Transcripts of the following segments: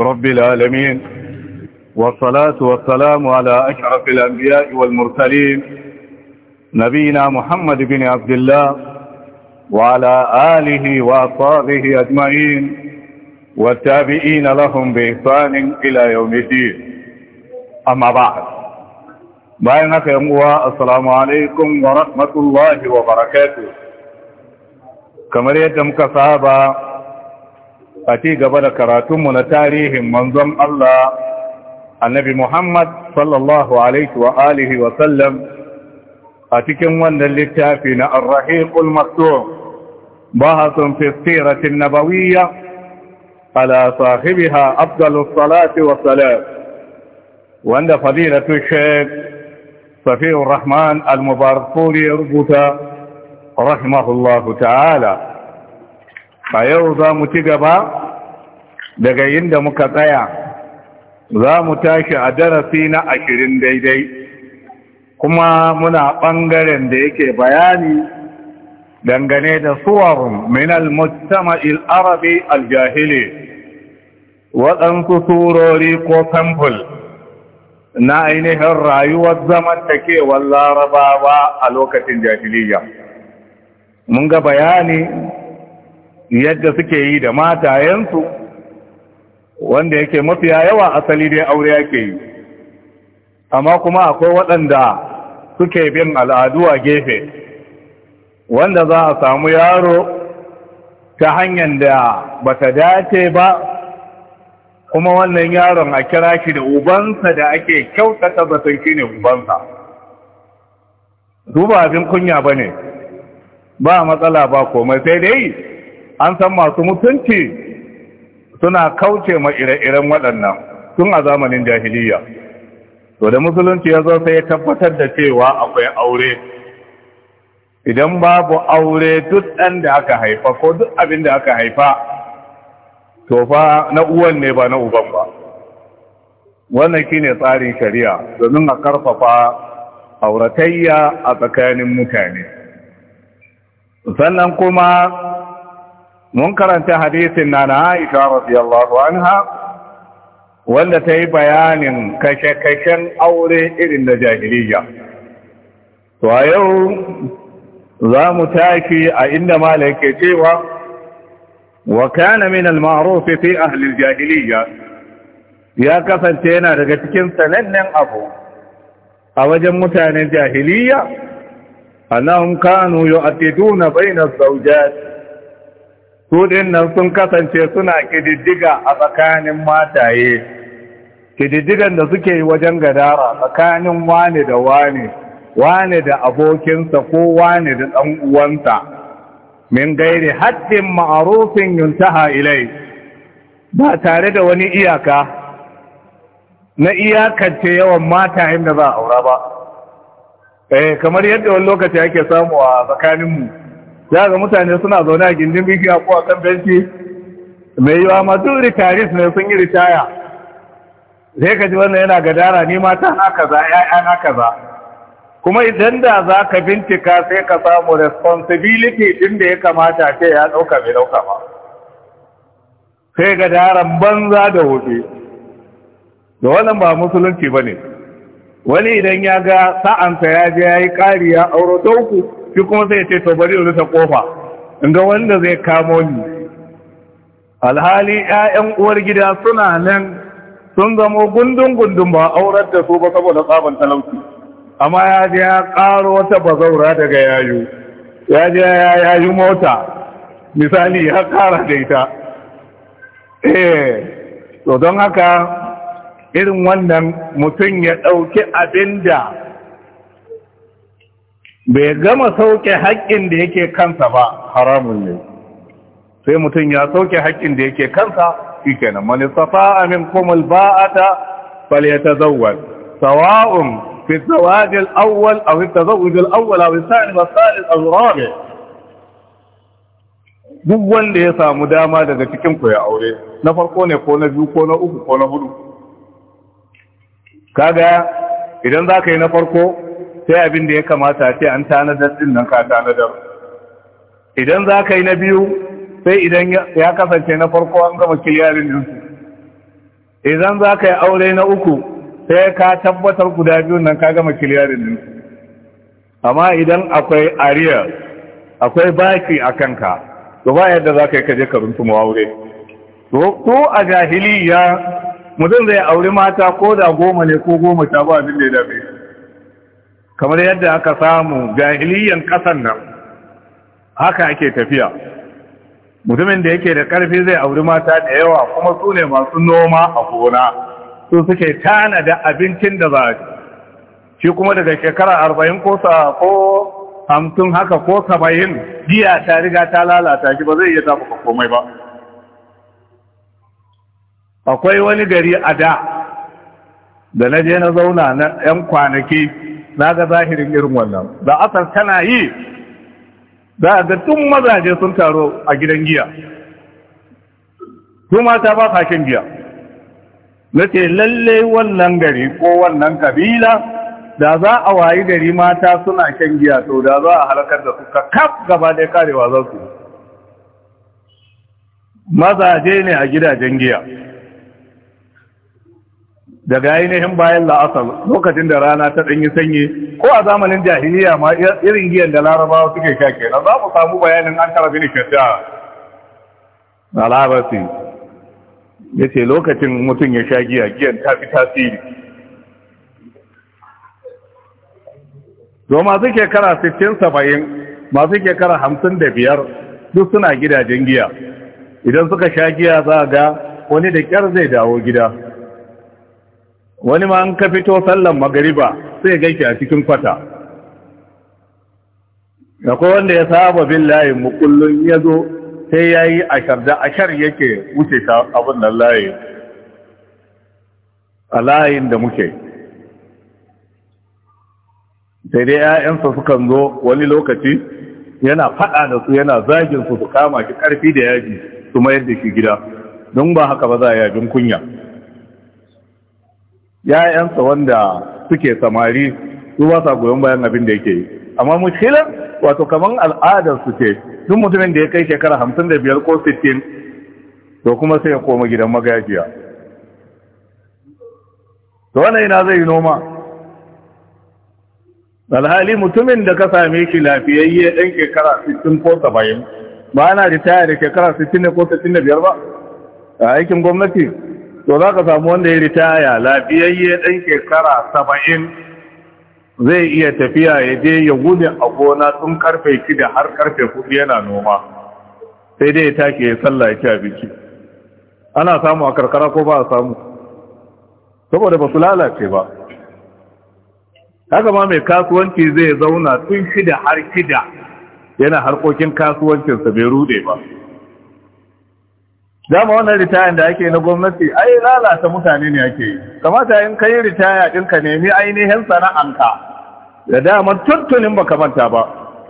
رب العالمين والصلاة والسلام على أشرف الأنبياء والمرسلين نبينا محمد بن عبد الله وعلى آله وأصحابه أجمعين والتابعين لهم بإحسان إلى يوم الدين أما بعد بينك يموى السلام عليكم ورحمة الله وبركاته كما ريتم كصحابة a ci gaba da karatunmu na tarihin manzon Allah annabi Muhammad sallallahu alaihi wa alihi wa sallam a cikin wannan littafi na Ar-Rahiqul Maktum bahasun fi siratin nabawiyya ala sahibiha afdalus salati wa salam wanda fadilatu Sheikh Safiur Rahman Al-Mubarakuri rubuta rahimahullahu ta'ala a yau za mu ci gaba daga inda muka tsaya za mu tashi a darasi na ashirin daidai kuma muna ɓangaren da yake bayani dangane da suwarun minal mujtama'il arabi aljahili waɗansu surori ko samful na ainihin rayuwar zamantakewar larabawa a lokacin jahiliya mun ga bayani yadda suke yi da matayensu wanda yake mafiya yawa asali dai aure yake yi amma kuma akwai waɗanda suke bin al'adu a gefe wanda za a samu yaro ta hanyar da ba ta dace ba kuma wannan yaron a kira shi da ubansa da ake kyautata batun shi ne ubansa duba abin kunya ba ne ba matsala ba komai sai dai an san masu mutunci suna kauce ma ire-iren waɗannan tun a zamanin jahiliya to da musulunci ya zo sai ya tabbatar da cewa akwai aure idan babu aure duk ɗan da aka haifa ko duk abin da aka haifa to fa na uwan ne ba na uban ba wannan shine tsarin shari'a domin a karfafa auratayya a tsakanin mutane sannan kuma mun karanta hadisin na na aisha radiyallahu anha wanda ta yi bayanin kashe-kashen aure irin da jahiliya to a yau za mu tashi a inda mala cewa wa kana min al-ma'ruf fi ahli al-jahiliya ya kasance yana daga cikin sanannen abu a wajen mutanen jahiliya annahum kanu yu'addiduna bayna az-zawjat su nan sun kasance suna ƙididdiga a tsakanin mataye ƙididdigan da suke yi wajen gadara tsakanin wane da wane wane da abokinsa ko wane da ɗan uwansa min gairi haddin ma'arufin yuntaha ilai ba tare da wani iyaka na iyakance yawan matayen da za a aura ba eh kamar yadda wani lokaci ake samu a tsakaninmu ya ga mutane suna zaune a gindin biki a a kan benci mai yiwa ma duk ritaris ne sun yi ritaya Zai ka ji wannan yana gadara ni mata na kaza 'ya'ya na kaza kuma idan da za ka bincika sai ka samu responsibility din da ya kamata ce ya ɗauka bai ɗauka ba sai gadaran banza da hobe da wannan ba musulunci ba ne wani idan ya ga sa'ansa ya je ya yi ƙari ya auro ɗauku shi kuma sai ya ce to bari in kofa in ga wanda zai kamo ni alhali 'ya'yan uwar gida suna nan sun zamo gundun gundun ba aurar da su ba saboda tsaban talauci amma ya je ya ƙaro wata bazaura daga yayu ya je ya yayu mota misali ya ƙara da ita eh to don haka irin wannan mutum ya ɗauki abinda. da bai gama sauke haƙƙin da yake kansa ba haramun ne sai mutum ya sauke haƙƙin da yake kansa shi nan mani safa amin kumul ba'ata fal ya tazawwal sawa'un في الزواج الأول أو التزوج ne أو الثاني والثالث a الرابع duk wanda ya samu dama daga cikin ku ya aure na farko ne ko na biyu ko na uku ko na hudu kaga idan za ka yi na farko sai abin da ya kamata ce an tanadar din nan ka tanadar idan za ka yi na biyu sai idan ya kasance na farko an gama kiliyarin ɗinsu idan za ka yi aure na uku sai ka tabbatar guda biyun nan ka gama kiliyarin ɗinsu amma idan akwai ariya akwai baki a kanka to ba yadda za ka yi kaje ka mu aure ko a jahiliya mutum zai aure mata ko da goma ne ko goma ta ba abin da ya dabe kamar yadda aka samu jahiliyan kasan nan haka ake tafiya mutumin da yake da karfi zai auri mata da yawa kuma su ne masu noma a gona su suke tana da abincin da za a shi kuma daga shekara arba'in ko sa ko hamsin haka ko saba'in jiya ta riga ta lalata shi ba zai iya tafuka komai ba akwai wani gari a da da na je na zauna na 'yan kwanaki na ga zahirin irin wannan da asar tana yi za a ga tun mazaje sun taro a gidan giya su mata ba fashin giya na ce lalle wannan gari ko wannan kabila da za a wayi gari mata suna shan giya to da za a halakar da su kaf gaba ɗaya karewa za su mazaje ne a gidajen giya daga ainihin bayan la'asar lokacin da rana ta ɗanyi sanyi ko a zamanin jahiliya ma irin giyan da larabawa suke sha kenan za mu samu bayanin an tara bin shadda na larabci ya ce lokacin mutum ya sha giya giyan ta fi tasiri to masu shekara 60-70 masu shekara 55 duk suna gidajen giya idan suka sha giya za a ga wani da kyar zai dawo gida wani ma an ka fito sallan magariba sai ganki a cikin kwata akwai wanda ya saba bin layin mu kullum ya zo sai ya yi ashar da ashar yake wuce ta abin da layi a layin da muke sai dai 'ya'yansa sukan zo wani lokaci yana faɗa da su yana zagin su su kama shi ƙarfi da yaji su mayar da shi gida don ba haka ba za a yajin kunya ya'yansa wanda suke samari su ba sa goyon bayan abin da yake yi amma mushkilar wato kamar al'adar su ce duk mutumin da ya kai shekara hamsin da biyar ko sittin to kuma sai ya koma gidan magajiya to wannan ina zai yi noma alhali mutumin da ka same shi lafiyayye ɗan shekara sittin ko saba'in ba ana ritaya da shekara sittin ko sittin da biyar ba a aikin gwamnati to za ka samu wanda ya ritaya lafiyayye ɗan shekara saba'in zai iya tafiya ya je ya gudu a gona tun karfe shida har karfe kudu yana noma sai dai ya take ya sallah ya ci abinci ana samu a karkara ko ba a samu saboda ba su lalace ba haka ma mai kasuwanci zai zauna tun shida har shida yana harkokin kasuwancinsa bai rude ba dama wannan ritaya da ake na gwamnati ai lalata mutane ne ake yi kamata in kai ritaya ɗinka ka nemi ainihin sana'anka da dama tuntunin ka manta ba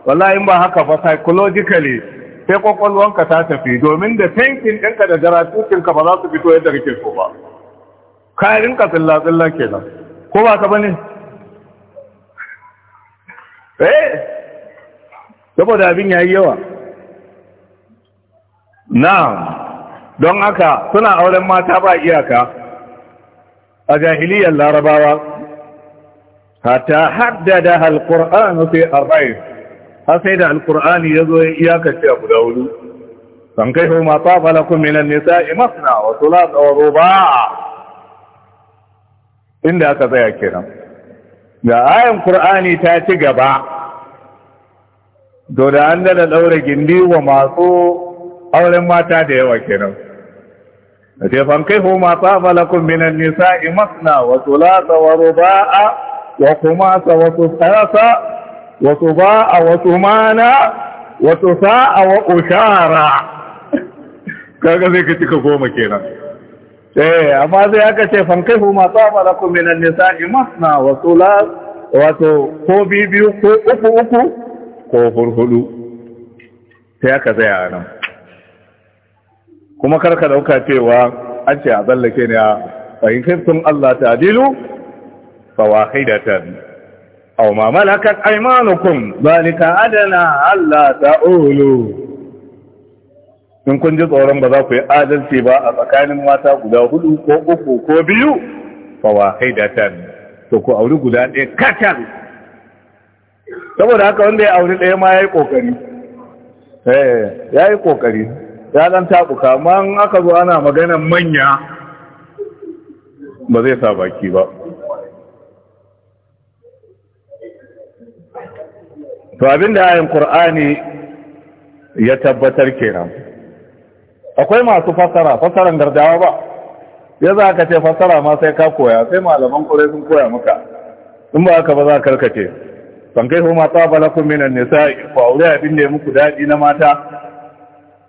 wallahi in ba haka ba psychologically sai kwakwalwanka ta tafi domin da tankin ɗinka da garatukinka ba za su fito yadda kake so ba kayan ka tsilla tsilla kenan ko ba ka bane eh saboda abin yayi yawa na'am don haka suna auren mata ba iyaka a jahiliyar larabawa hatta haddada alkur'an fi arba'i har sai da alkur'ani ya zo ya ce a guda hudu san kai hu ma tafa lakum min an-nisa'i masna wa thulatha wa ruba'a inda aka tsaya kenan ga ayan qur'ani ta ci gaba to da an da daure gindi wa masu auren mata da yawa kenan ce fankihu ma saba lakum minan nisa'i masna wasu thulatha wa ruba'a wa khumasa wasu thulatha wasu suba'a wasu thumana wasu thusa'a wa ushara kaga zai ka cika goma kenan eh amma zai aka ce fankihu ma saba lakum minan nisa'i masna wasu thulatha wato ko biyu ko uku uku ko hurhudu sai aka a nan kuma karka dauka cewa an ce a tsallake ne a fahimtar sun Allah ta dilu haidatan aw ma malakat aymanukum zalika adana Allah ta'ulu in kun ji tsoron ba za ku yi adalci ba a tsakanin mata guda hudu ko uku ko biyu haidatan to ku auri guda ɗaya kacal saboda haka wanda ya auri ɗaya ma ya yi ƙoƙari eh, ya yi ƙoƙari ya dan taɓuka, amma an aka zo ana maganar manya ba zai sa baki ba to abin da ayin qur'ani ya tabbatar kenan akwai masu fasara fasaran gardawa ba ya za ka ce fasara ma sai ka koya sai malaman kure sun koya maka in ba haka ba za karkace ban kai kuma tsaba minan nisa'i Ba aure abin da ya muku daɗi na mata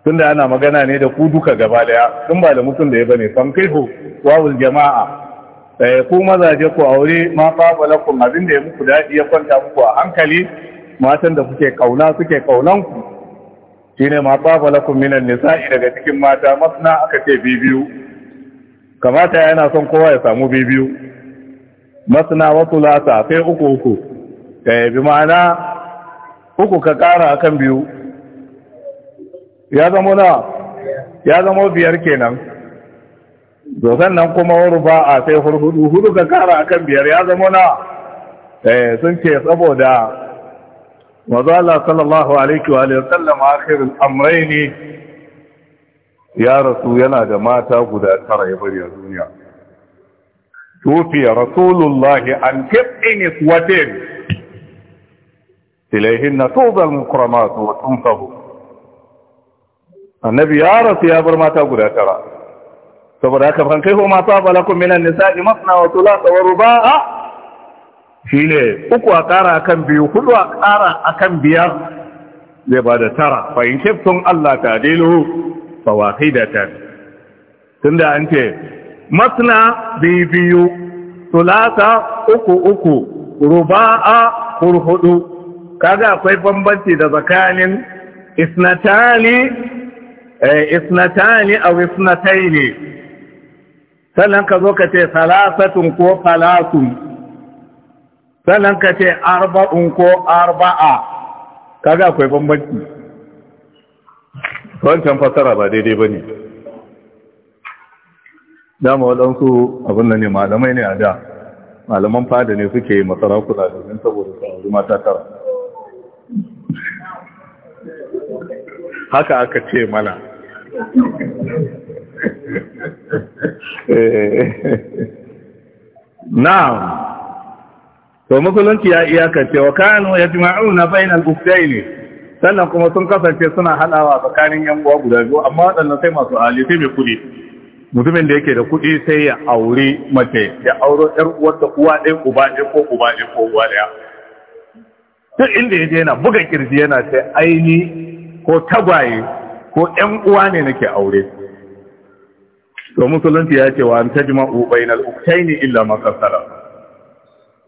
tunda ana magana ne da ku duka gaba daya tun ba da mutum da ya bane san wawul jama'a eh ku mazaje ku aure ma balakum abin da ya muku dadi ya kwanta muku a hankali matan da kuke kauna suke kaunan ku shine ma balakum minan nisa'i daga cikin mata masna aka ce bibiyu kamata yana son kowa ya samu bibiyu masna wa thulatha sai uku uku eh bi ma'ana uku ka kara akan biyu ya zama na ya zama biyar kenan to sannan kuma warba a sai hurhudu hudu ka kara akan biyar ya zama na eh sun ce saboda mazala sallallahu alaihi wa alihi sallam akhirul amrayn ya rasu yana da mata guda tara ya bari a duniya tufiya rasulullahi an kibin iswatin ilaihin na tuzal mukramat wa tunsahu annabi ya rasu ya bar mata guda tara saboda haka kan kai ko mata balakun minan nisa'i masna wa thulatha wa ruba'a shine uku a kara akan biyu hudu a kara akan biyar zai bada tara fa in kiftun Allah ta dilu fa wahidatan tunda an ce masna biyu biyu thulatha uku uku ruba'a hudu kaga akwai bambanci da tsakanin isnatani Eh, isnatani aw isnataini sannan ka zo ka ce salasatun ko salasun sannan ka ce arba'un ko arba'a kaga akwai bambanci wancan fasara ba daidai ba ne dama waɗansu abin da ne malamai ne a da malaman fada ne suke masarakuna domin saboda sa'adu mata tara haka aka ce mana eh. na'am to musulunci ya iyakace wa kanu yajma'una bainal ne. sannan kuma sun kasance suna haɗawa tsakanin yan uwa guda biyu amma waɗannan sai masu hali sai mai kudi mutumin da yake da kuɗi sai ya aure mace ya auro yar uwar da uwa ɗaya uba ɗaya ko uba ɗaya ko uwa ɗaya duk inda ya je yana buga kirji yana sai aini ko tagwaye ko ‘yan uwa ne nake aure to musulunci ya ce wa an tajma'u bainal uktaini illa ma kasara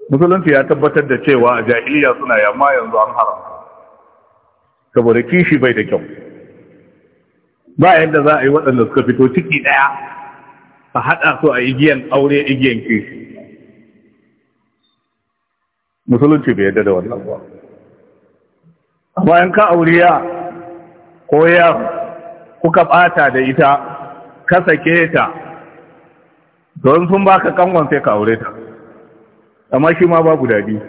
musulunci ya tabbatar da cewa a jahiliya suna yamma yanzu an haram saboda kishi bai da kyau ba yadda za a yi waɗanda suka fito ciki ɗaya a haɗa su a igiyan aure igiyan kishi musulunci bai yadda da wannan ba amma in ka ya? ko ya kuka bata da ita ka sake ta don sun baka kangon sai ka aure ta amma shi ma babu dadi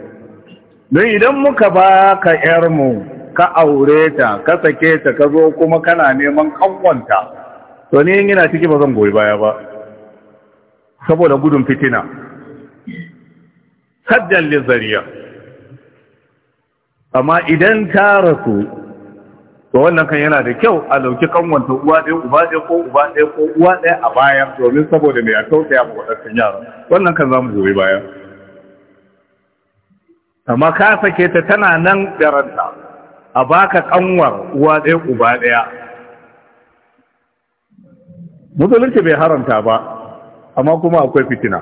don idan muka baka yar mu ka aure ta ka sake ta ka zo kuma kana neman ta to ne yana ciki ba zan goyi baya ba saboda gudun fitina saddan lizariya amma idan ta rasu to wannan kan yana da kyau a dauki kanwanta uwa ɗaya uba ɗaya ko uba ɗaya ko uwa ɗaya a baya domin saboda mai a tausaya ma waɗannan yara. wannan kan za mu goyi baya amma ka sake ta tana nan da ranta a baka kanwar uwa ɗaya uba ɗaya musulunci bai haramta ba amma kuma akwai fitina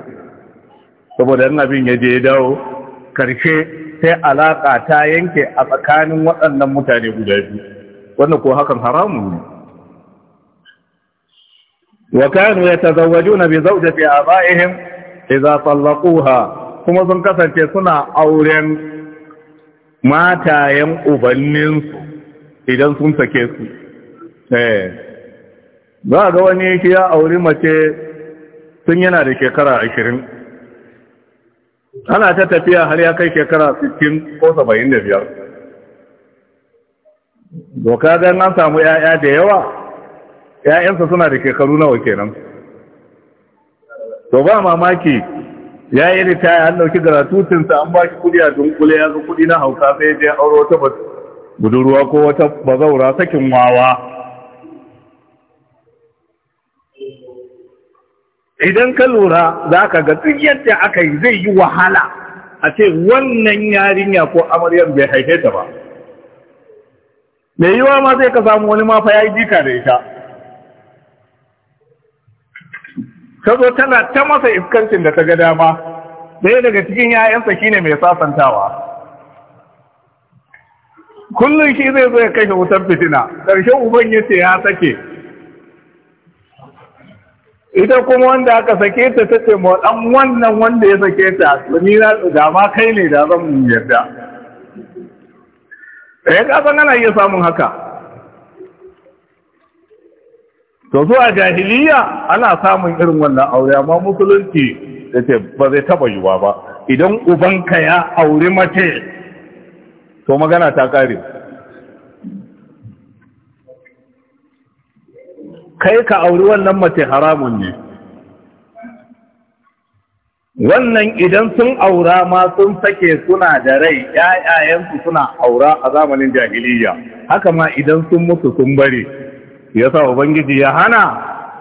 saboda yan abin ya je ya dawo karshe sai alaƙa ta yanke a tsakanin waɗannan mutane guda biyu wannan ko hakan haramu ne wa kanu yatazawwajuna bi zawjati abaihim idza tallaquha kuma sun kasance suna auren matayen ubanninsu idan sun sake su eh za ga wani shi ya auri mace tun yana da shekara ashirin ana ta tafiya har ya kai shekara sittin ko 75 biyar. doka don an samu ‘ya'ya da yawa ‘ya'yansa suna da shekaru nawa kenan to ba mamaki ya yi ritaya an ɗauki garatutinsa an ba shi kudi a dunkule ya zo kudi na hausa sai je auro ta budurwa ko wata bazaura sakin wawa idan ka lura za ka ga duk yadda aka yi zai yi wahala a ce wannan yarinya ko amaryar bai haife ta ba mai yiwa ma zai ka samu wani mafa ya yi jika da ita ta zo tana ta masa iskancin da ta ga dama ɗaya daga cikin ‘ya'yansa shine mai sasantawa kullum shi zai zo ya kashe wutar fitina ƙarshen uban ya ya sake ita kuma wanda aka sake ta ta ce ma wannan wanda ya sake ta da ma kai ne da zan yarda ya eh, kasan ana iya samun haka to zuwa jahiliya ana samun irin wannan aure amma musulunci da ce ba zai taba yiwa ba idan ubanka ya auri mace to magana ta kare kai ka auri wannan mace haramun ne wannan idan sun aura ma sun sake suna da rai ya'ya'yansu suna aura a zamanin jahiliya haka ma idan sun mutu sun bari ya sa ubangiji ya hana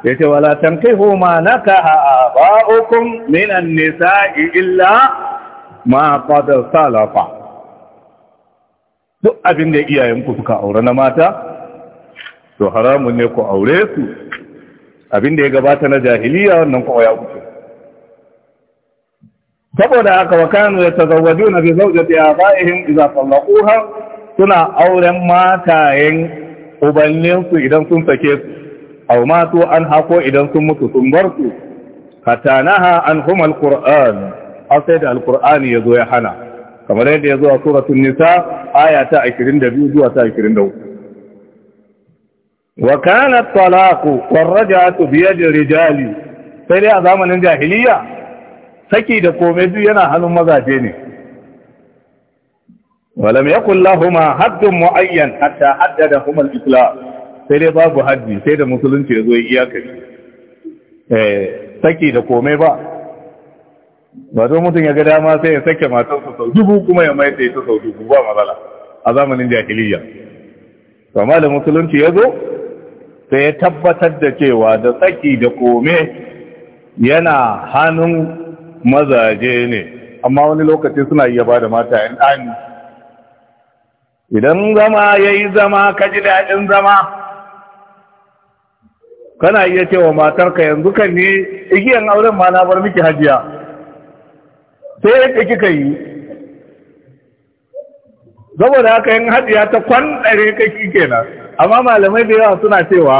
ya ce wala kai ma na ka a ba’okun minan nisa illa ma fadar salafa duk abin da iyayenku suka aure na mata to haramun ne ku aure su abin da ya gabata na jahiliya wannan ku ya saboda haka wa kanu yatazawwajuna bi zawjati abaihim idza tallaquha suna auren matayen ubanninsu idan sun sake su aw matu an hako idan sun mutu sun bar su hatta naha anhum alquran asai da alqur'ani yazo ya hana kamar yadda ya zo a suratul nisa aya ta 22 zuwa ta 23 wa kana at-talaqu war raj'atu bi yadi rijali sai dai a zamanin jahiliya saki da komai duk yana hannun mazaje ne walam yakul lahuma haddun muayyan hatta haddada hum al-islam sai dai babu haddi sai da musulunci ya zo iyaka eh saki da komai ba ba don mutum ya ga dama sai ya sake sa sau dubu kuma ya mai sai sau dubu ba mazala a zamanin jahiliya to da musulunci yazo sai ya tabbatar da cewa da saki da kome yana hannun mazaje ne amma wani lokaci suna iya ba da mata ‘yan ɗani idan zama ya yi zama ka ji daɗin zama kana iya cewa matarka yanzu kan ne igiyan auren ma na bar miki hajiya sai yadda kika yi saboda haka yin hajiya ta kwanɗare ka kenan amma malamai da yawa suna cewa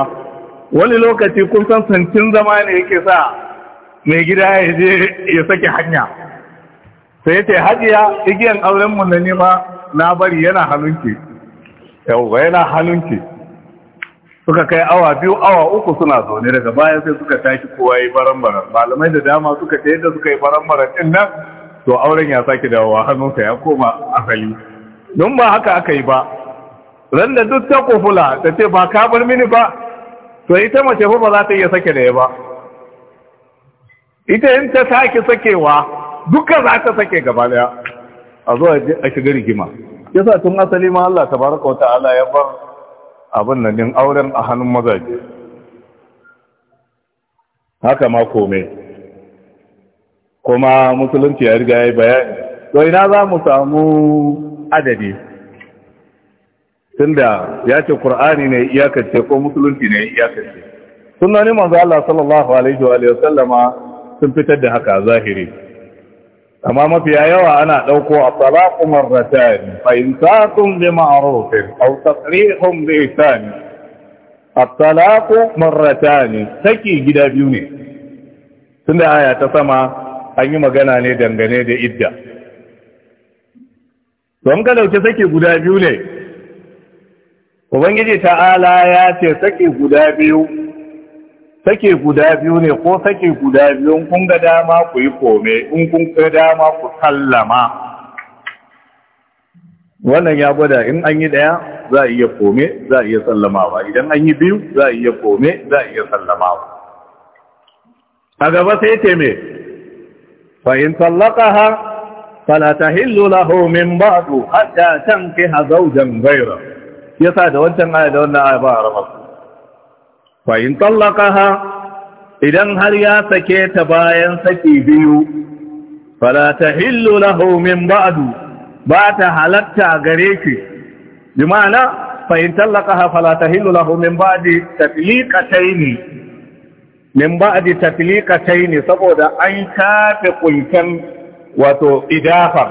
wani lokaci kun san zama ne yake sa mai gida ya je ya sake hanya sai ce hajiya igiyan auren mu na nema na bari yana hannunki yauwa yana hannunki suka kai awa biyu awa uku suna zaune daga baya sai suka tashi kowa yi baran-baran malamai da dama suka ce yadda suka yi baran-baran ɗin nan to auren ya sake dawowa hannunsa ya koma asali don ba haka aka yi ba ran da duk ta kofula ta ce ba ka bar mini ba to ita mace fa ba za ta iya sake da ya ba ita yin ta sake sakewa duka za ta sake gaba daya a zuwa a shiga rigima sa tun asali ma Allah ta wata ala ya bar abin nan din auren a hannun mazaje haka ma kome kuma musulunci ya riga ya bayani to ina za mu samu adadi tunda ya ce ƙur'ani ne iyakance ko musulunci ne iyakance Sunanin manzo Allah sallallahu alaihi wa sallama sun fitar da haka zahiri amma mafiya yawa ana ɗauko a talaku marratan fa insaqum bi ma'rufin aw tasrihum bi ihsan at-talaqu marratan saki gida biyu ne tunda aya ta sama an yi magana ne dangane da idda don ka dauke saki guda biyu ne ubangiji ta'ala ya ce saki guda biyu sake guda biyu ne ko sake guda biyu kun ga dama ku yi kome in kun ga dama ku sallama wannan ya gwada in an yi daya za a iya kome za a iya sallamawa idan an yi biyu za a iya kome za a iya sallamawa a gaba sai ce me fa in sallaqaha fala tahillu lahu min ba'du hatta tankiha zawjan ghayra yasa da wancan aya da wannan aya ba a raba fahim ha, idan har ya sake ta bayan saki biyu falata hillu lahu min ba'adu ba ta halatta gare ki bi ma'ana fahim tsallakaha falata hillu lahu min ba'di tafliqataini min ba'di tafliqataini saboda an kafe kuntan wato idafar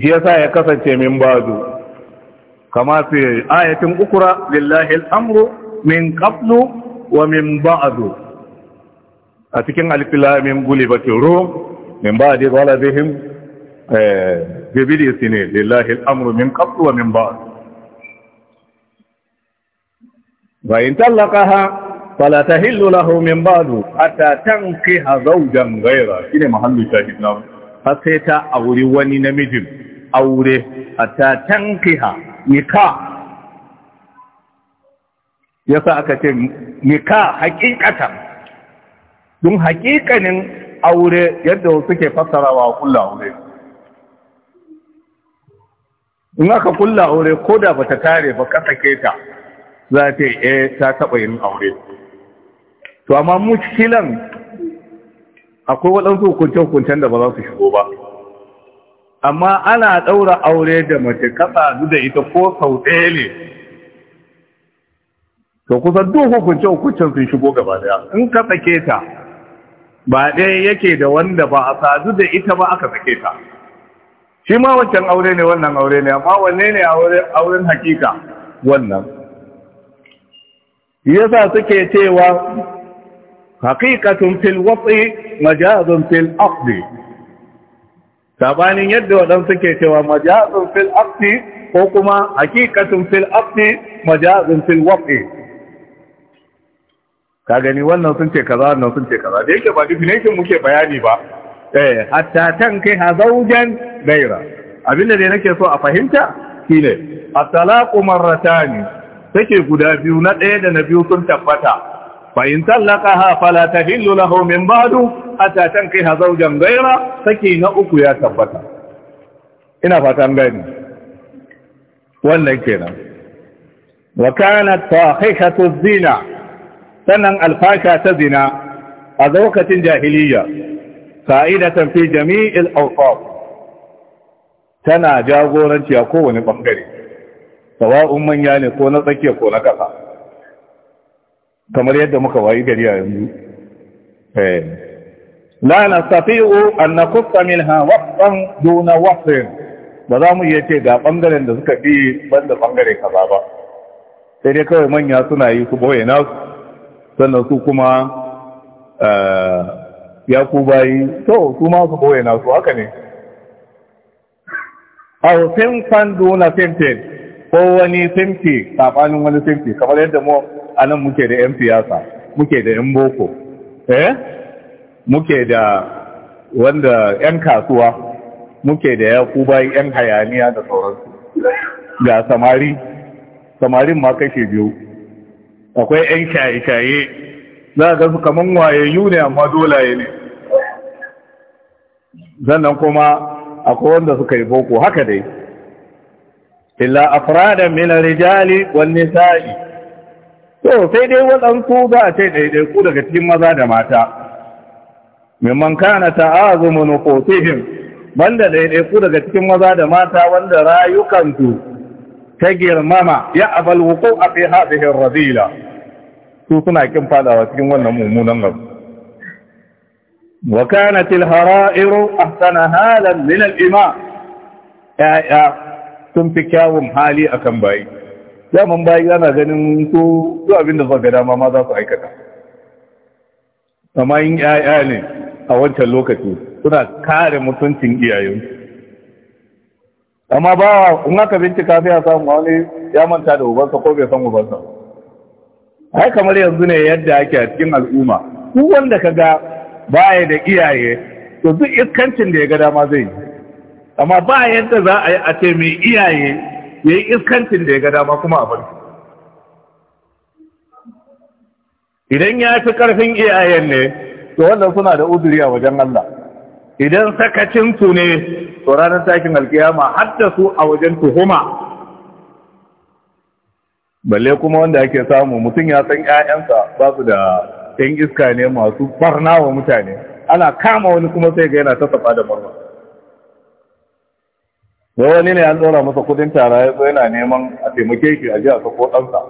shi sa ya kasance min ba'adu. kama fi ayatin ukura lillahi al'amru min qablu wa min ba'du a cikin alif lam mim gulibati rum min ba'di wala eh, bi bidi ne lillahi al-amru min qablu wa min ba'du wa in talaqaha fala tahillu lahu min ba'du hatta tankiha gaira. ghayra ne mahallu shahid na har sai ta aure wani namijin aure hatta ha nikah Ya sa aka ce nika hakikatan don hakikanin aure yadda suke wa kulla aure in aka kulla aure ko da ba ta tare ba ka sake ta za ta eh ta taba yin aure to amma mushkilan akwai waɗansu hukuncen hukuncen da ba za su shigo ba amma ana ɗaura aure da mace kasa da ita ko sau ɗaya ne to kusan duk hukunce hukuncin sun shigo gaba daya in ka sake ta ba ɗaya yake da wanda ba a sadu da ita ba aka sake ta shi ma wancan aure ne wannan aure ne amma wanne ne auren hakika wannan yasa suke cewa haqiqatun fil wat'i majazun fil aqdi sabanin yadda wadan suke cewa majazun fil aqdi ko kuma haqiqatun fil aqdi majazun fil wat'i ka gani wannan sun ce kaza wannan sun ce kaza da yake ba definition muke bayani ba eh hatta tan kai ha zaujan gaira abinda dai nake so a fahimta shine at-talaqu marratan take guda biyu na ɗaya da na biyu sun tabbata fa in talaqaha fala tahillu lahu min ba'du hatta tan kai ha zaujan gaira take na uku ya tabbata ina fatan gani wannan kenan wa kanat fahishatu zina sannan alfasha ta zina a lokacin jahiliya sa'idatan fi jami'il awqaf tana jagoranci a kowane bangare sawa'un manya ne ko na tsakiya ko na ƙasa. kamar yadda muka wayi gari a yanzu eh na nastati'u an na nakuffa minha waqtan duna waqtin ba za mu iya ce ga bangaren da suka fi banda bangare kaza ba sai dai kawai manya suna yi su boye nasu sannan su kuma eh, ya ku bayi to su ma su boye na su haka ne a simfan duna simfin ko wani simfi saɓanin wani simfi kamar yadda mu a nan muke da 'yan siyasa muke da 'yan boko eh muke da wanda 'yan kasuwa muke da ya ku bayi 'yan hayaniya da sauransu ga samari samarin ma kashe biyu akwai 'yan shaye-shaye za ga gasu kamar wayayyu ne amma dolaye ne zannan kuma akwai wanda suka yi boko haka dai illa afradan min rijali wani sa'i to sai dai waɗansu za a ce ɗaiɗai ku daga cikin maza da mata mimman kana ko nufusihim banda ɗaiɗai ku daga cikin maza da mata wanda rayukansu ta girmama ya abal wuku a fi haɗihin razila su suna kin fadawa cikin wannan mummunan abu wa kanat al-hara'iru ahsana halan min al-ima ya'ya sun fi kyawun hali akan bayi zaman bayi yana ganin su su abinda zaka dama ma za su aikata amma in ya'ya ne a wancan lokaci suna kare mutuncin iyayensu amma ba in aka bincika sai a samu wani ya manta da ubansa ko bai san ubansa ai kamar yanzu ne yadda ake a cikin al'umma duk wanda ka ga baya da iyaye to duk iskancin da ya ga dama zai yi amma ba yadda za a yi a ce mai iyaye ya yi iskancin da ya ga dama kuma a bari idan ya fi karfin iyayen ne to wannan suna da uzuri a wajen Allah idan sakacinku ne to ranar takin alkiyama su a wajen tuhuma balle kuma wanda ake samu mutum ya san ƴaƴansa ba su da ƴan iska ne masu barna wa mutane ana kama wani kuma sai ga yana ta safa da marwa wai wani ne an tsora masa kudin tara ya zo yana neman a taimake shi a ji a sako ɗansa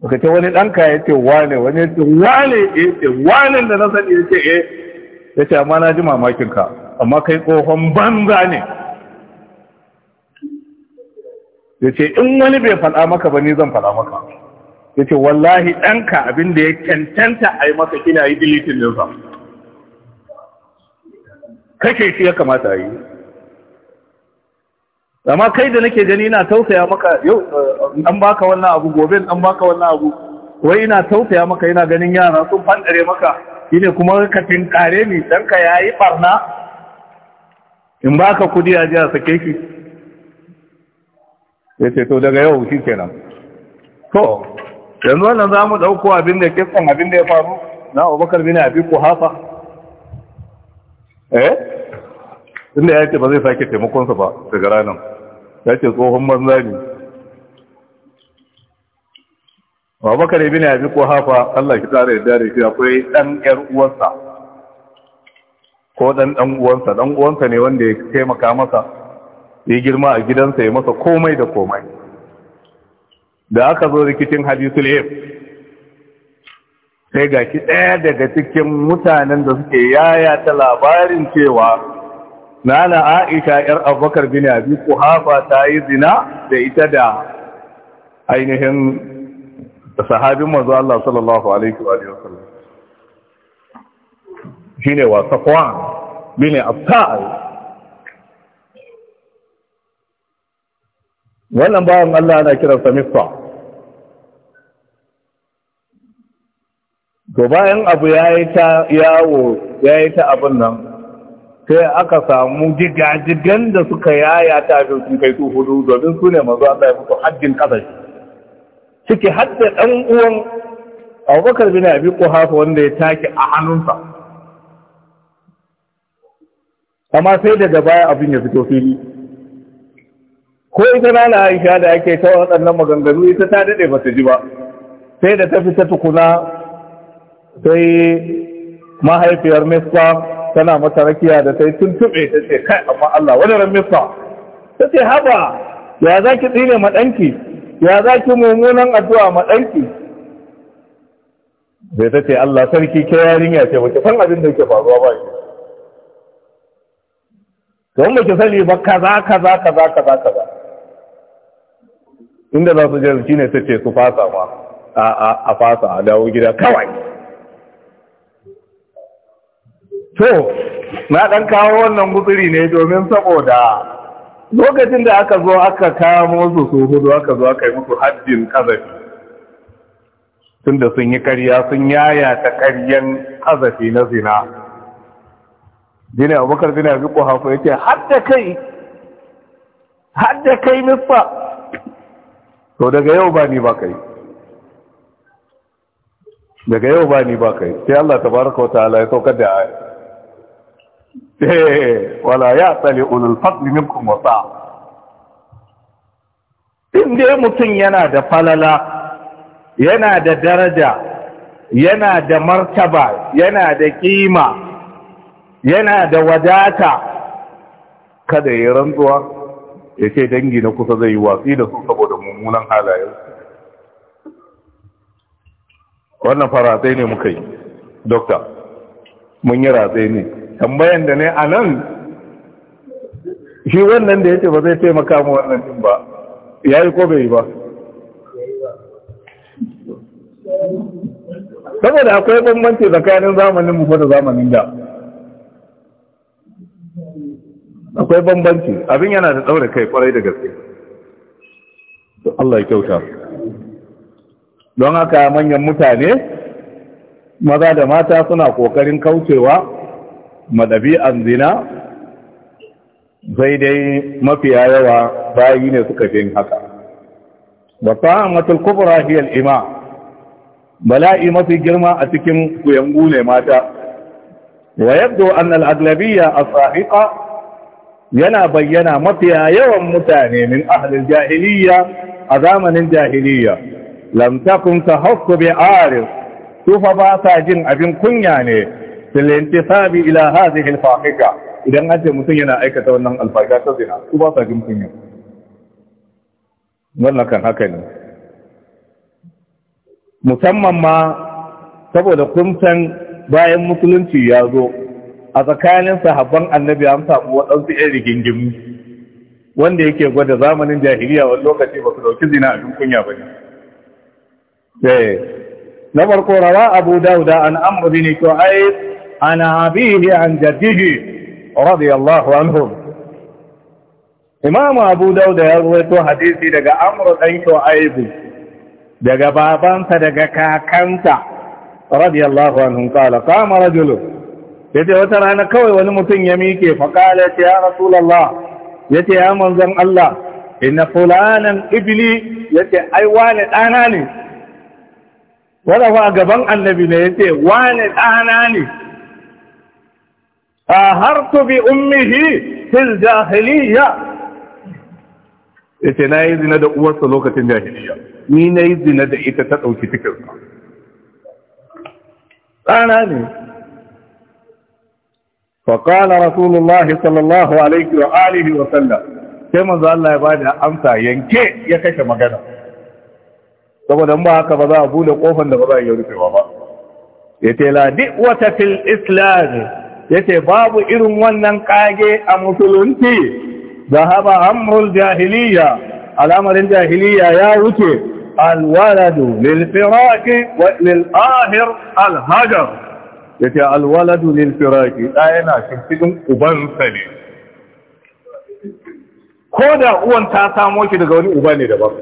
suka ce wani ɗanka ya ce wane wani ya ce wane ya ce wane da na sani ya ce eh ya ce amma na ji mamakinka amma kai tsohon banza ne ya ce in wani bai faɗa maka ba ni zan faɗa maka ya ce wallahi ɗanka abin da ya cancanta a yi maka kina yi dilitin ɗinsa kake shi ya kamata yi amma kai da nake gani na tausaya maka yau eh, an baka wannan abu gobe an baka wannan abu wai ina tausaya maka ina ganin yara sun fandare maka shine kuma ka tinkare ni dan ka yayi barna in ba ka kudi a jiya sake ki sai to daga yau shi kenan to yanzu wannan zamu dauko abin da ke son abin da ya faru na Abubakar bin Abi Kuhafa eh inda ya ce ba zai sake taimakon sa ba daga ranar ya ce tsohon manzani Abubakar ibn Abi Quhafa Allah ki tsare da dare shi akwai dan yar uwansa ko dan dan uwansa dan uwansa ne wanda ya taimaka masa ya girma a gidansa ya masa komai da komai da aka zo rikicin hadisul ilm sai ga ki ɗaya daga cikin mutanen da suke yaya ta labarin cewa nana aisha yar abubakar bin abi kuhafa ta yi zina da ita da ainihin Da sahabin manzo Allah sallallahu alaihi wa alihi wasallam shine wa safwan bin afsal wannan bayan Allah ana kiransa mifta to bayan abu yayi ta yawo yayi ta abun nan sai aka samu jigajigan da suka yaya ta sun kai su hudu domin su ne mazu Allah ya fito haddin kasashe ciki hadda ɗan uwan abubakar bin abi kuhafa wanda ya take a hannunsa amma sai daga baya abin ya fito fili ko ita na na aisha da ake ta waɗannan maganganu ita ta daɗe ba ta ji ba sai da ta fita tukuna sai mahaifiyar mista tana mata rakiya da ta yi tuntuɓe ta ce kai amma Allah wani ran mista ta ce haba ya za ki tsine maɗanki ya za ki mummunan addu'a ma ɗanki bai ta ce Allah sarki ke yarinya ce ba kan san abin da yake faruwa ba shi? don ba sani ba kaza kaza kaza kaza kaza inda za su je ne ta ce su fasa ma a fasa a dawo gida kawai to na ɗan kawo wannan gutsuri ne domin saboda lokacin da aka zo aka kamo su su hudu aka zo aka yi musu haddin kazafi tun da sun yi karya sun yaya ta karyan kazafi na zina jini abubakar bin abi kuhafa ya ce hadda kai hadda kai nufa to daga yau ba ni ba kai daga yau ba ni ba kai sai Allah tabaraka wa ta'ala ya saukar da aya Eh, wala ya tsale ulul fadli minkum wasa in dai mutum yana da falala yana da daraja yana da martaba yana da kima yana da wadata kada ya rantsuwa ya ce dangi na kusa zai yi watsi da su saboda mummunan halayen wannan faratsai ne muka yi dokta mun yi ratsai ne tambayan da ne a nan shi wannan da ya ce ba zai taimaka mu wannan din ba ya yi ko bai yi ba saboda akwai bambanci tsakanin zamanin mu da zamanin da akwai bambanci abin yana da tsaure kai kwarai da gaske Allah ya kyauta don haka manyan mutane maza da mata suna kokarin kaucewa madabi'an zina daidai mafi mafiya yawa bayi ne suka fi haka wa ta'amatul kubra hiya ima bala'i mafi girma a cikin kuyangu ne mata wa yadda anna al a as yana bayyana mafiya yawan mutane min ahli jahiliya a zamanin jahiliya lam takun tahassu bi arif su fa ba sa jin abin kunya ne fil intisabi ila hadhihi al-fahiqa idan an ce mutum yana aikata wannan alfahiqa ta zina su ba sa jin kunya wannan kan haka ne musamman ma saboda kun san bayan musulunci ya zo a tsakanin sahabban annabi an samu waɗansu ɗan rigingimu wanda yake gwada zamanin jahiliya wani lokaci ba su dauki zina a kunya ba ne. Na farko rawa Abu Dawuda an amru bin ai. عن أبيه عن جده رضي الله عنهم إمام أبو داود يروي حديثي دقى أمر بن شعيب دقى بابانسا دقى كاكانسا رضي الله عنهم قال قام رجل yace wata rana kawai wani mutum ya mike faƙala ya ce ya rasulallah ya ce ya manzon Allah inna fulanan ibli ya ce ai wane ɗana ne wadda fa gaban annabi ne ya ce wane ɗana ne ahartu bi ummihi fil jahiliya yace na yi zina da uwarsa lokacin jahiliya ni na yi zina da ita ta ɗauki cikinsa tsana ne فقال رسول الله صلى الله عليه وآله وسلم كما ذا الله يبادى أمسى ينكي يكشف مغانا saboda ba haka ba za a bude kofar da ba za a yi rufewa ba ya ce la wata fil yace babu irin wannan kage a musulunci zahaba amrul jahiliya al'amarin jahiliya ya wuce alwaladu lil firaqi wa lil ahir al hajar yace alwaladu lil firaqi da yana cikin ubansa ne ko da uwan ta samo shi daga wani uba ne daban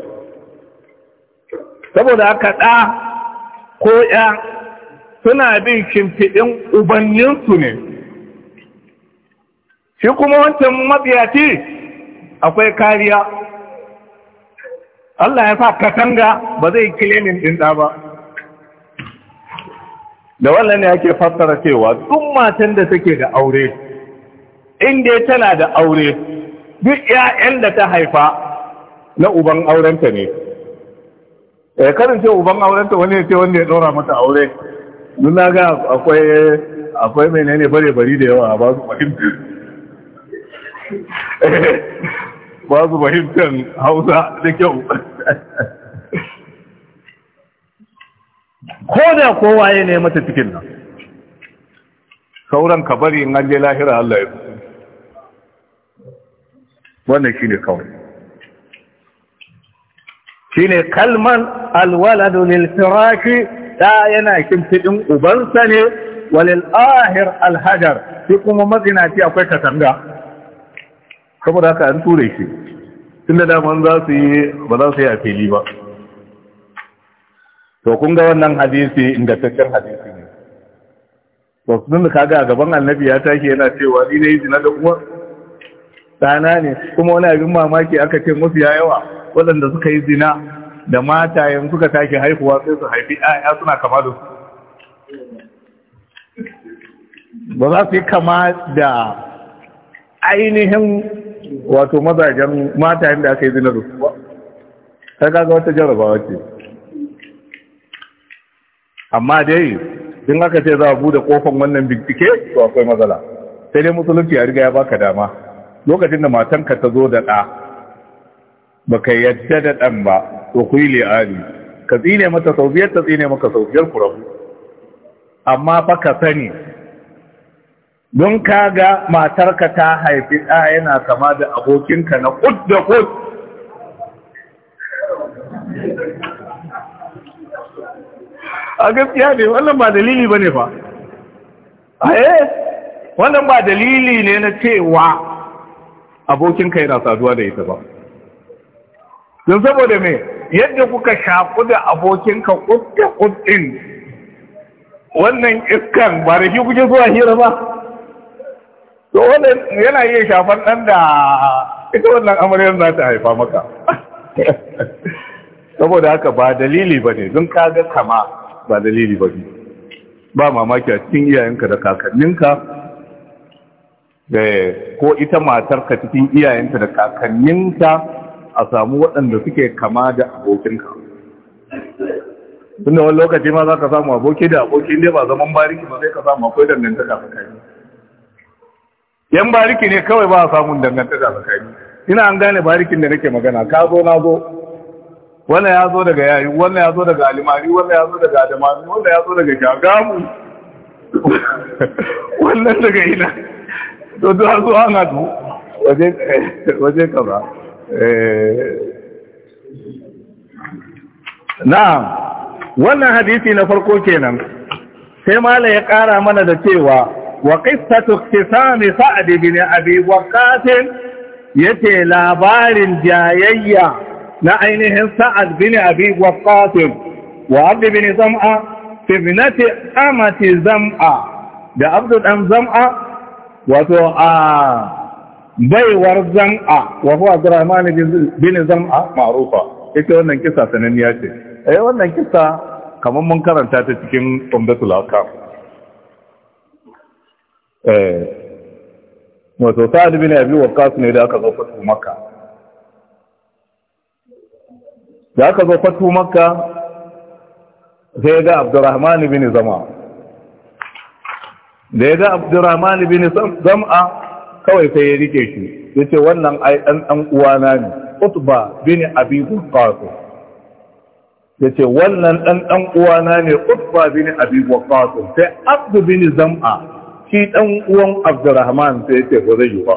saboda aka ɗa ko ya suna bin shimfiɗin ubanninsu ne shi kuma wancan matsiyaci akwai kariya Allah ya sa katanga ba zai kilimin ɗin da ba da wannan ne ake fassara cewa duk matan da take da aure in dai tana da aure duk ƴaƴan da ta haifa na uban aurenta ne eh karin ce uban aurenta wani ce wanda ya ɗora mata aure nuna ga akwai akwai menene bare bari da yawa ba su fahimta ba su fahimtar hausa da kyau ko da kowa ya nema ta cikin nan sauran kabari in an je lahira Allah ya wannan shi ne kawai shi ne kalman alwaladu firashi da yana shimfiɗin ubansa ne walil ahir alhajar shi kuma mazinaci akwai katanga saboda haka an ture shi da daman za su yi ba za su yi a fili ba to kun ga wannan hadisi inda tattar hadisi ne to sun da kaga a gaban annabi ya tashi yana cewa ni ne zina da uwar tsana ne kuma wani abin mamaki aka ce musu ya yawa waɗanda suka yi zina da matayen suka tashi haihuwa sai su haifi ƴaƴa suna kama da su ba za su yi kama da ainihin wato mazajen matayen da aka yi zinaru da ta gaga wata jarabawa ce amma dai in aka ce za a bude kofan wannan bincike to akwai matsala sai dai musulunci ya riga ya baka dama lokacin da matanka ta zo da ɗa baka yadda da ɗan ba to ku yi li'ari ka tsine mata sau biyar ta tsine maka sau biyar ku rabu amma fa ka sani don kaga matarka ta haifi ɗa yana kama da abokinka na kud da kud a gaskiya ne wannan ba dalili ba ne ba A yi eh, wannan ba dalili ne na cewa abokinka yana saduwa da ita ba don saboda me yadda kuka shaƙu da abokinka kud da kud ɗin wannan iskan ba da shi kuke zuwa hira ba to wannan yana iya shafan ɗan da ita wannan amaryar za ta haifa maka saboda haka ba dalili ba ne don kaga kama ba dalili ba ne ba mamaki a cikin iyayenka da kakanninka da ko ita matarka cikin iyayenta da kakanninka a samu waɗanda suke kama da abokinka tunda wani lokaci ma za ka samu aboki da aboki ne ba zaman bariki ba sai ka samu akwai dangantaka kai yan bariki ne kawai ba a samun dangantaka tsakani ina an gane barikin da nake magana ka zo na zo wannan ya zo daga yayi wannan ya zo daga alimari wannan ya zo daga adamari wannan ya zo daga shagamu wannan daga ina to duk an zo an hadu waje waje kaza eh, na'am wannan hadisi na farko kenan sai malai ya kara mana da cewa وقصة اقتسام سعد بن أبي وقاس يتي لابار جايية لعينه سعد بن أبي وقاس وعبد بن زمعة في ابنة أمة زمعة ده الأم زمعة وتوعى baiwar zam'a wa huwa Abdurrahman bin zam'a ma'rufa ita wannan kisa sananniya ce eh wannan kisa kamar mun karanta ta cikin Umdatul Ahkam eh wato sa'ad bin abi Kasu ne da aka zo fatu makka da aka zo fatu makka sai ga abdurrahman bin zama da ya ga abdurrahman bin zama kawai sai ya rike shi ya ce wannan ai ɗan ɗan uwana ne utba bin abi waqas ya ce wannan ɗan ɗan uwana ne utba bin abi waqas sai abdu bin zama shi ɗan uwan Abdurrahman sai yake ko zai yi ba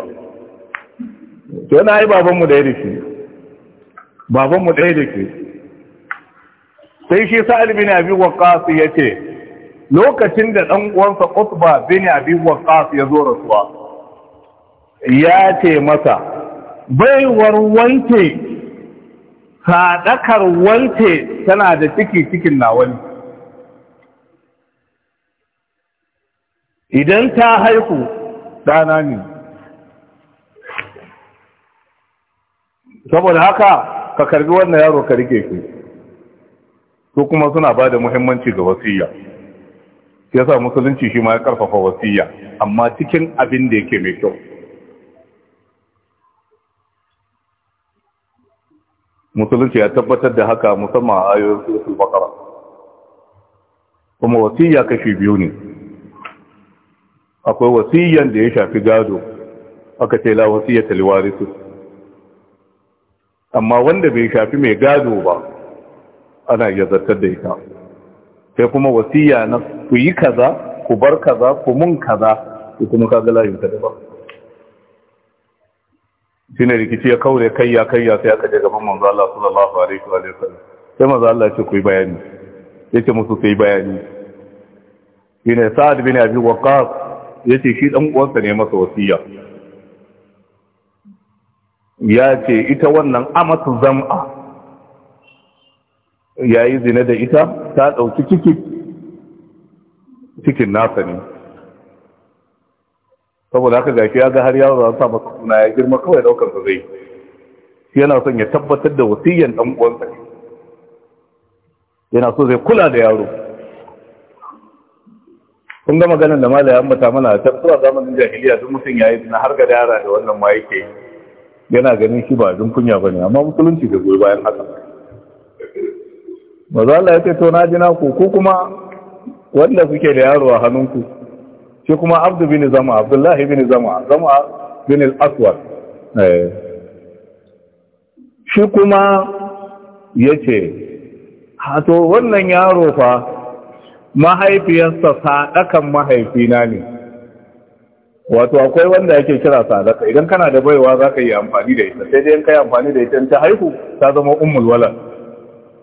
to na yi baban mu da yake shi baban mu da yake sai shi Sa'ad bin Abi Waqqas yace lokacin da dan uwansa Utba bin Abi Waqqas ya zo rasuwa ya ce masa baiwar wanke sadakar wanke tana da ciki cikin nawani idan ta haihu ɗana ne saboda haka ka karbi wannan yaro ka rike shi su kuma suna ba da muhimmanci ga wasiya ya sa musulunci shi ma ya karfafa wasiya amma cikin abin da yake mai kyau musulunci ya tabbatar da haka musamman a ayoyin su bakara kuma wasiya kashi biyu ne akwai wasiyyan da ya shafi gado aka ce la wasiyyata liwarisu amma wanda bai shafi mai gado ba ana iya zartar da ita sai kuma wasiyya na ku yi kaza ku bar kaza ku mun kaza ku kuma kaga layin ta daban ne rikici ya kaure kai ya kai ya sai aka je gaban manzo Allah sallallahu alaihi wa sallam sai manzo Allah ya ce ku yi bayani yace musu sai bayani ne Sa'ad bin Abi Waqqas ya ce shi dan uwansa ne masa wasiya ya ce ita wannan amatu zam'a yayi zina da ita ta dauki ciki cikin nasa ne saboda haka gashi ya ga har yaro za sa masu suna ya girma kawai daukar zai yana son ya tabbatar da wasiyan dan uwansa yana so zai kula da yaro kun ga maganin da mala ya ambata mana ta zuwa zamanin jahiliya sun mutum ya yi na har ga yara da wannan ma yake yana ganin shi ba jin kunya ba ne amma musulunci da gobe bayan haka maza Allah ya ce to na ji naku ko kuma wanda kuke da yaro a hannunku shi kuma abdu bin zama abdullahi bin zama zama bin al-aswad eh. shi kuma ya ce to wannan yaro fa mahaifiyarsa sadakan mahaifina ne wato akwai wanda yake kira sadaka idan kana da baiwa za ka yi amfani da ita sai dai in ka yi amfani da ita ta haihu ta zama ummul walad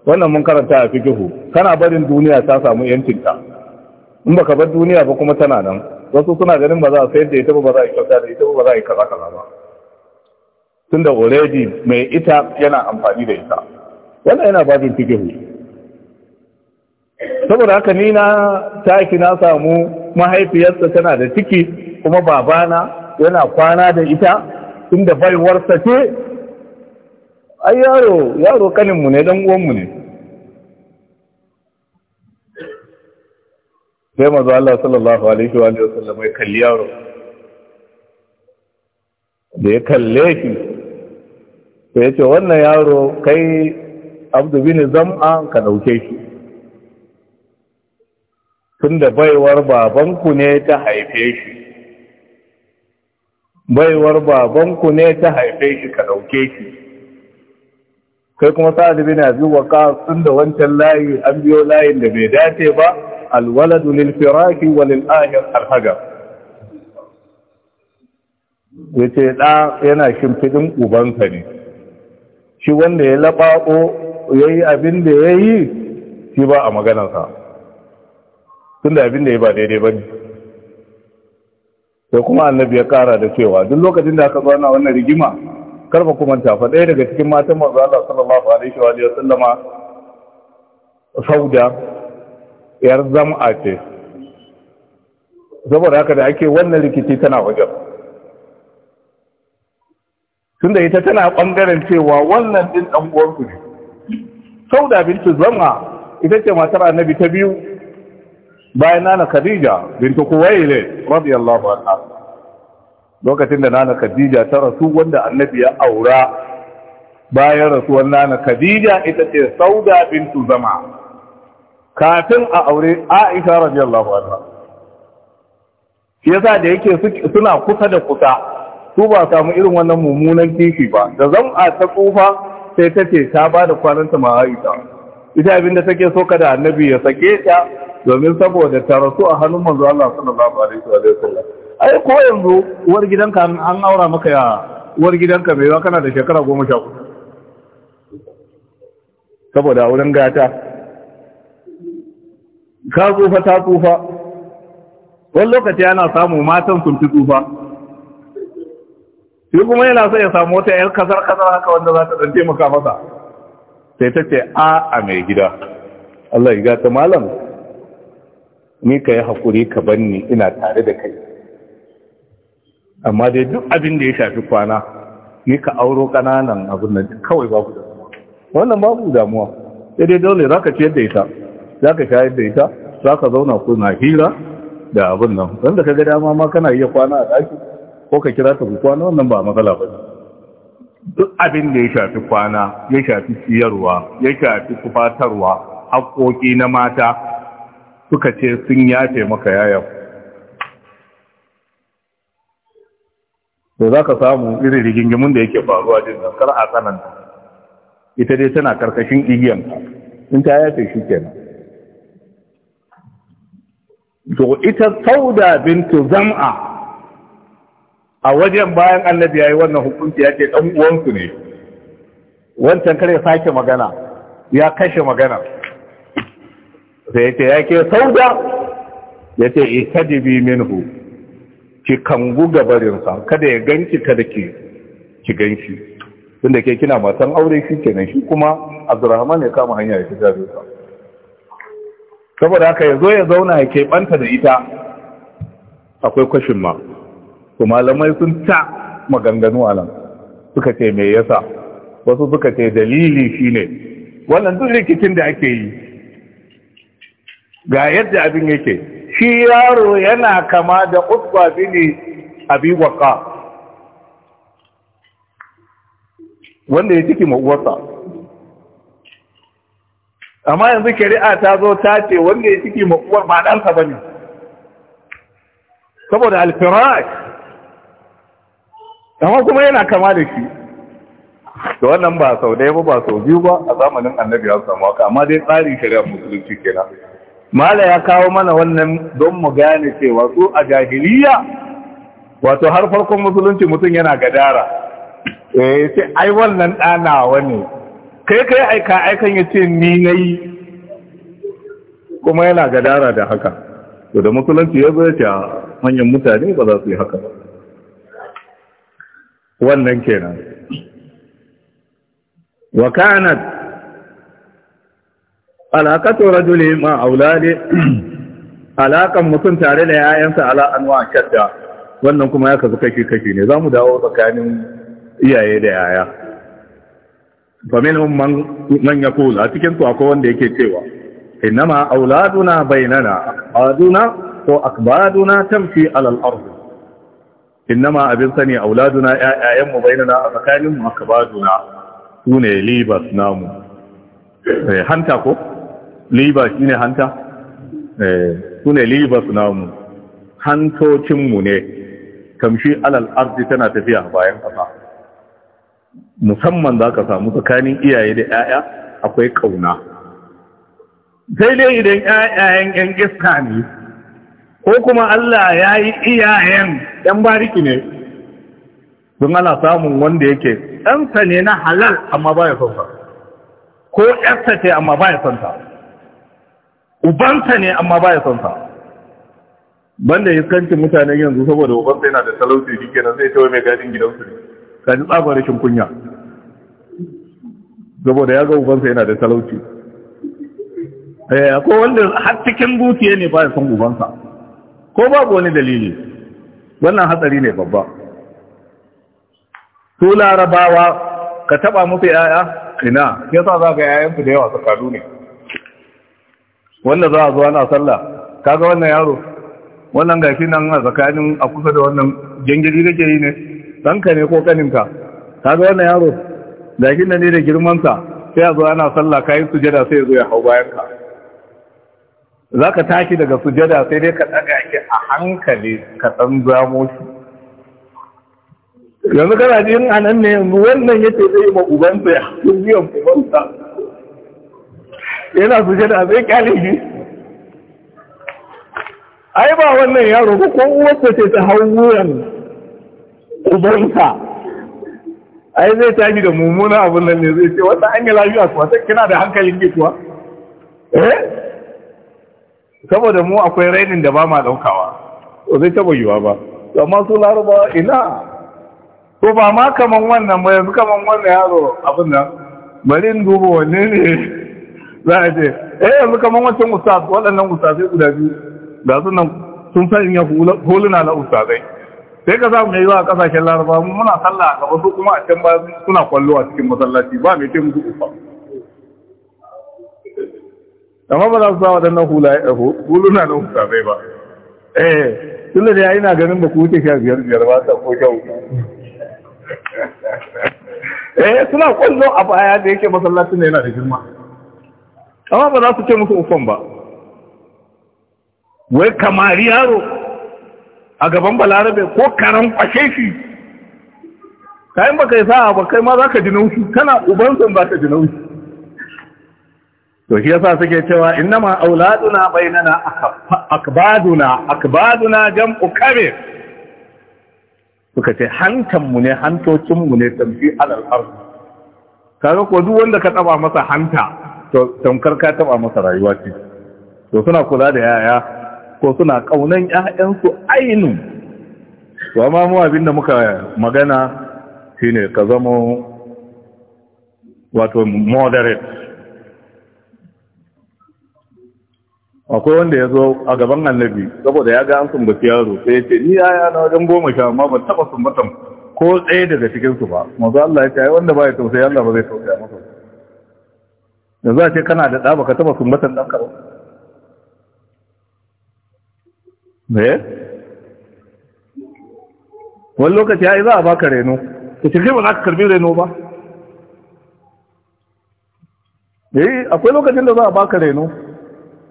wannan mun karanta a fikihu kana barin duniya ta samu yancinta in baka bar duniya ba kuma tana nan wasu suna ganin ba za a sayar da ita ba ba za a yi kyauta da ita ba ba za a yi kaza kaza ba tunda already mai ita yana amfani da ita wannan yana bajin fikihu saboda haka ni na taki na samu mahaifiyarsa tana da ciki kuma babana yana kwana da ita inda baiwarsa ce ai yaro yaro kaninmu ne dan uwanmu ne sai mazu Allah sallallahu alaihi wa sallam ya kalli yaro da ya kalle shi sai ya ce wannan yaro kai abdu bin zam'a ka dauke shi tunda baiwar babanku ne ta haife shi baiwar babanku ne ta haife shi ka dauke shi kai kuma sa'ad bin abi waqa tunda wancan layi an biyo layin da bai dace ba alwaladu lil firaki wa lil ahir alhaga yace da yana shimfidin ubanka ne shi wanda ya labako yayi abin da yayi shi ba a maganarsa tunda abin da ya ba daidai ba ne sai kuma annabi ya kara da cewa duk lokacin da aka zauna wannan rigima karfa kuma ta fa ɗaya daga cikin matan manzo Allah sallallahu alaihi wa sallama sauda yar zam'a ce saboda haka da ake wannan rikici tana wajen tunda ita tana bangaren cewa wannan din dan uwanku ne sauda bintu zam'a ita ce matar annabi ta biyu bayan nana khadija bintu kuwaile radiyallahu anha lokacin da nana khadija ta rasu wanda annabi ya aura bayan rasuwar nana khadija ita ce sauda bintu zama kafin a aure aisha radiyallahu anha yasa da yake suna kusa da kusa su ba samu irin wannan mummunan kifi ba da zam'a ta tsufa sai ta ce ta ba da kwananta ma aisha ita abinda take so kada annabi ya sake ta domin saboda ta rasu a hannun manzo Allah sallallahu alaihi wa sallam ai ko yanzu uwar gidanka an aura maka ya uwar gidanka mai wa kana da shekara goma sha kusa. saboda wurin gata ka tsufa ta tsufa wani lokaci ana samu matan sun fi tsufa shi kuma yana so ya samu wata yar kasar kasar haka wanda za ta dan taimaka masa sai ta ce a a mai gida Allah ya gata malam ni ka yi haƙuri ka banni ina tare da kai amma dai duk abin da ya shafi kwana ni ka auro ƙananan abin nan kawai babu damuwa wannan babu damuwa sai dai dole za ka ciyar da ita za ka shayar da ita za ka zauna kuna hira da abin nan wanda ka ga dama ma kana iya kwana a ɗaki ko ka kira ta ku kwana wannan ba matsala ba duk abin da ya shafi kwana ya shafi ciyarwa ya shafi tufatarwa haƙoƙi na mata suka ce sun yafe maka yayan to za ka samu irin rigingimin da yake faruwa din nan kar a tsananta ita dai tana karkashin igiyanka in ta yafe shi kenan to ita sauda bintu zam'a a wajen bayan annabi yayi wannan hukunci yake dan uwansu ne wancan kare sake magana ya kashe magana sai ce ya ke sauda ya ce min minhu ki kan kangu gabarinsa kada ya ganki kada ki ki Tun da ke kina matan aure shi kenan shi kuma abdurrahman ya kama hanya ya fita da saboda haka ya zo ya zauna ya keɓanta da ita akwai kwashin ma Kuma malamai sun ta maganganu a nan suka ce me yasa wasu suka ce dalili shine wannan duk rikicin da ake yi ga yadda abin yake shi yaro yana kama da utba bin abi waqa wanda ya ciki uwarsa amma yanzu shari'a ta zo ta ce wanda ya ciki uwar ba ɗansa ba ne saboda alfirash amma kuma yana kama da shi da wannan ba sau ɗaya ba ba sau biyu ba a zamanin annabi ya samu haka amma dai tsarin shari'a musulunci kenan mala ya kawo mana wannan don mu gane cewa su a jahiliya wato har farkon musulunci mutum yana gadara eh sai ai wannan ɗanawa ne kai kai aika aikan ya ce ni nayi kuma yana gadara da haka to da musulunci ya zai ta manyan mutane ba za su yi haka ba wannan kenan wa kanat alaƙatu rajuli ma aulade alaƙan mutum tare da yayansa ala anwa shadda wannan kuma ya kasu kashi kashi ne zamu dawo tsakanin iyaye da yaya fa minhum man man kula. a cikin su akwai wanda yake cewa innama auladuna bainana aqaduna ko akbaduna tamfi ala al-ard innama abin sani auladuna yayan mu bainana a tsakanin mu akbaduna sune libas namu eh, hanta ko liba ne hanta ne eh, sune su namu Hantocinmu ne kamshi alal arzi tana tafiya bayan kasa musamman za ka samu tsakanin iyaye da 'ya'ya akwai ƙauna. sai dai idan 'ya'yayen yan iska ne ko kuma Allah ya yi iyayen yan bariki ne don ana samun wanda yake ɗansa ne na halal amma ba ya ko ƴarsa ce amma ba ya son ubansa ne amma ya son sa banda iskancin mutanen yanzu saboda ubansa yana da talauci shi nan zai tawaye mai gadin gidansu ne kaji tsabar rashin kunya saboda ya ga ubansa yana da talauci eh ko wanda har cikin zuciya ne ya son ubansa ko babu wani dalili wannan hatsari ne babba su larabawa ka taba musu yaya ina sa za ga yayanku da yawa tsakalu ne wanda za a zuwa na sallah kaga wannan yaro wannan gashi nan a tsakanin a kusa da wannan jangiri da ke yi ne ɗanka ne ko ƙaninka kaga wannan yaro gashi nan ne da girmansa sai a zuwa na sallah kayi sujada sai ya zo ya hau bayanka za ka tashi daga sujada sai dai ka ɗaga shi a hankali ka ɗan zamo shi yanzu kana jin a nan ne wannan yake zai ma ubansa ya biyan ubansa yana sujada sai kyale shi ai ba wannan yaro ko uwarsa ce ta hau wuyan ubansa ai zai tashi da mummuna abin nan ne zai ce wata an yi lafiya kuwa sai kina da hankalin ki kuwa eh saboda mu akwai rainin da ba ma daukawa to zai taba yiwa ba to amma su laraba ina ko ba ma kaman wannan ba yanzu kaman wannan yaro abin nan bari in duba wanne ne za a ce eh yanzu kamar wancan ustaz waɗannan ustazai guda biyu ga su nan sun san ya holuna na ustazai sai ka samu yayi wa kasashen laraba Mun muna sallah ga wasu kuma a can ba suna kwallo a cikin masallaci ba mai musu ufa amma ba za su sa waɗannan huluna na ustazai ba eh tunda da yi na ganin ba ku wuce sha biyar biyar ba ta ko sha uku eh suna kwallo a baya da yake masallacin ne yana da girma amma ba za su ce musu ufan ba wai kamari yaro a gaban balarabe ko karan kwashe shi kayan ba kai sa'a ba kai ma za ka ji naushi kana sun ba ka ji naushi to shi yasa suke cewa ma auladuna bainana akbaduna akbaduna jam'u ukare suka ce hantanmu ne hantocinmu ne tamfi alal ardi kaga ko duk wanda ka taba masa hanta tamkar ka taba masa rayuwa ce to suna kula da yaya ko suna kaunan ƴaƴansu ainu to amma mu da muka magana shine ka zama wato moderate akwai wanda ya zo a gaban annabi saboda ya ga an sumbaci yaro sai ya ce ni yaya na wajen goma sha amma ban taba sumbatan ko tsaye daga cikinsu ba manzo Allah ya ce ai wanda ba ya tausayi Allah ba zai tausaya masa da za a ce kana da ɗa ka taɓa sumbatan ɗan ƙaro ne wani lokaci ya yi za a baka reno ka ce ba za ka karbi reno ba eh akwai lokacin da za a baka reno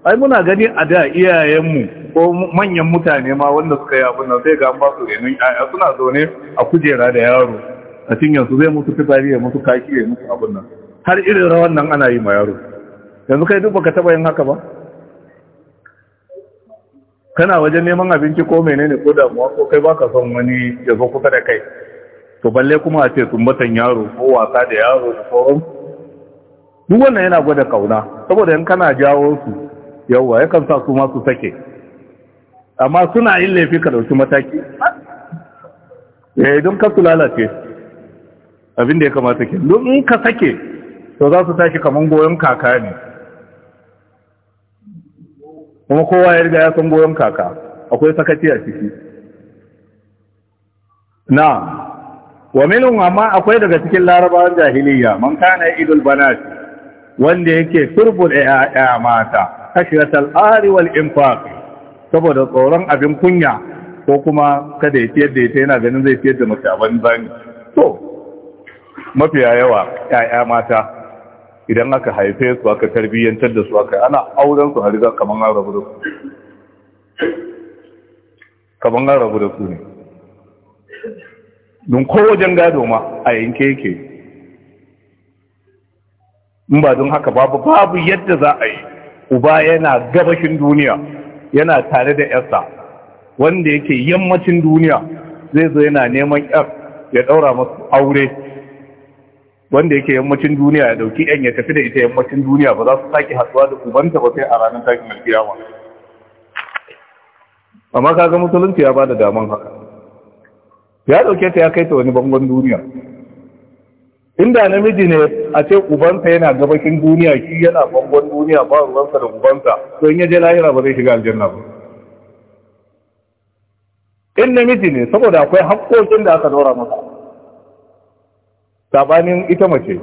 ai muna gani a da iyayenmu ko manyan mutane ma wanda suka yi abin nan sai ga an ba su renon 'ya'ya suna zaune a kujera da yaro a cinyarsu zai musu fitari ya musu kaki ya mutu abin nan har irin rawan nan ana yi ma yaro yanzu kai duk baka taba yin haka ba kana wajen neman abinci ko menene ko damuwa ko kai baka son wani ya zo kusa da kai to balle kuma a ce sumbatan yaro ko wasa da yaro da sauran duk wannan yana gwada kauna saboda in kana jawo su yawwa yakan sa su ma su sake amma suna yin laifi ka dauki mataki yi eh, don ka su lalace abin da ya kamata ke don in ka sake to za su tashi kamar goyon kaka ne kuma kowa ya riga ya san goyon kaka akwai sakaci a ciki na wa minhum amma akwai daga cikin larabawan jahiliya man kana idul banat wanda yake turbul 'ya'ya mata kashratal ari wal infaq saboda tsoron abin kunya ko kuma kada ya tiyar da ita yana ganin zai tiyar da mace bani to mafiya yawa 'ya'ya mata idan aka haife su aka tarbiyyantar da su aka ana auren su har kaman an rabu da su kaman an da su ne don ko wajen gado ma a yanke yake in ba don haka babu babu yadda za a yi uba yana gabashin duniya yana tare da yarsa wanda yake yammacin duniya zai zo yana neman yar ya daura masu aure wanda yake yammacin duniya ya dauki yan ya tafi da ita yammacin duniya ba za su sake hatsuwa da ubanta ba sai a ranar takin alkiyama amma kaga musulunci ya bada daman haka ya dauke ta ya kai ta wani bangon duniya inda namiji ne a ce ubansa yana gabashin duniya shi yana bangon duniya ba ruwansa da ubansa to in ya je lahira ba zai shiga aljanna ba in namiji ne saboda akwai haƙƙoƙin da aka daura masa sabanin ita mace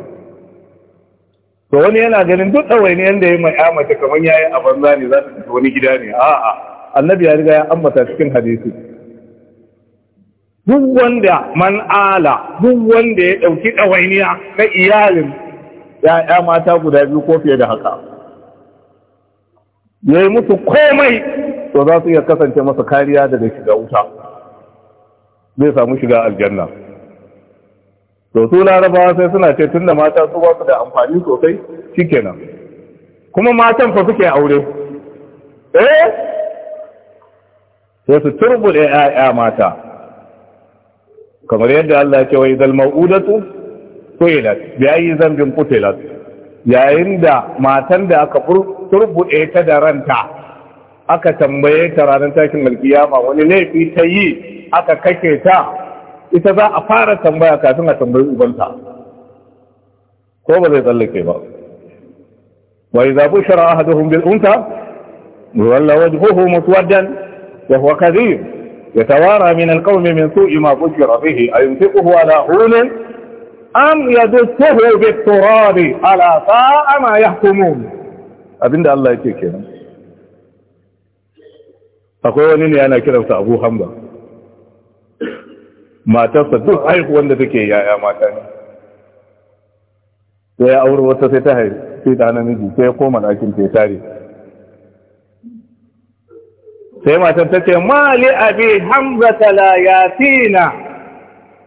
to wani yana ganin duk ɗawaini yadda ya mai mace kamar ya yi a banza ne za ta tafi wani gida ne a'a annabi ya riga ya ambata cikin hadisi duk wanda man ala duk wanda ya ɗauki ɗawainiya na iyalin ya'ya mata guda biyu ko fiye da haka ya yi musu komai to za su iya kasance masa kariya daga shiga wuta zai samu shiga aljanna to su larabawa sai suna ce tun da mata su basu da amfani sosai shikenan kuma matan fa suke aure eh sai su da mata kamar yadda Allah ya ce wa idal mau'udatu su'ilat bi ayi zambin qutilat yayin da matan da aka turbuɗe ta da ranta aka tambaye ta ranar takin alkiyama wani laifi ta yi aka kake ta ita za a fara tambaya kafin a tambayi ubanta ko ba zai tsallake ba wa idza bushara ahaduhum bil unta walla wajhuhu muswaddan wa huwa kadhib yatawara min al qawmi min su'i ma bushira bihi ay yunfiquhu ala hulin am yadsuhu bit turabi ala sa'a ma yahkumun abinda Allah yake kenan akwai wani ne yana kiransa Abu Hamba matarsa duk haihu wanda take yaya mata ne sai ya aure wata sai ta haihu sai ta namiji sai ya koma ɗakin ta tare sai matar ta ce mali abi hamza la yatina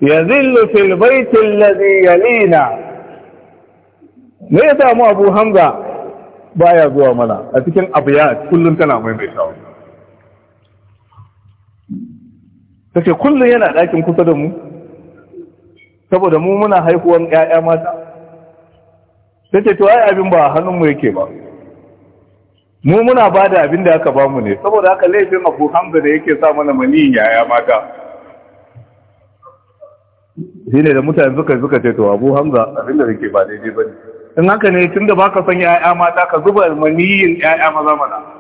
yazillu fil baiti alladhi yalina me ya samu abu hamza baya zuwa mana a cikin abiya kullum tana maimaitawa take kullum yana ɗakin kusa da mu saboda mu muna haihuwan ƴaƴa mata take to ai abin ba hannunmu yake ba mu muna ba da abin da aka ba mu ne saboda haka laifin abu hamza da yake sa mana maniyin yaya mata shi ne da mutane suka suka ce to abu hamza abin da yake ba daidai ba ne in haka ne tun da baka son yaya mata ka zuba maniyin yaya maza mana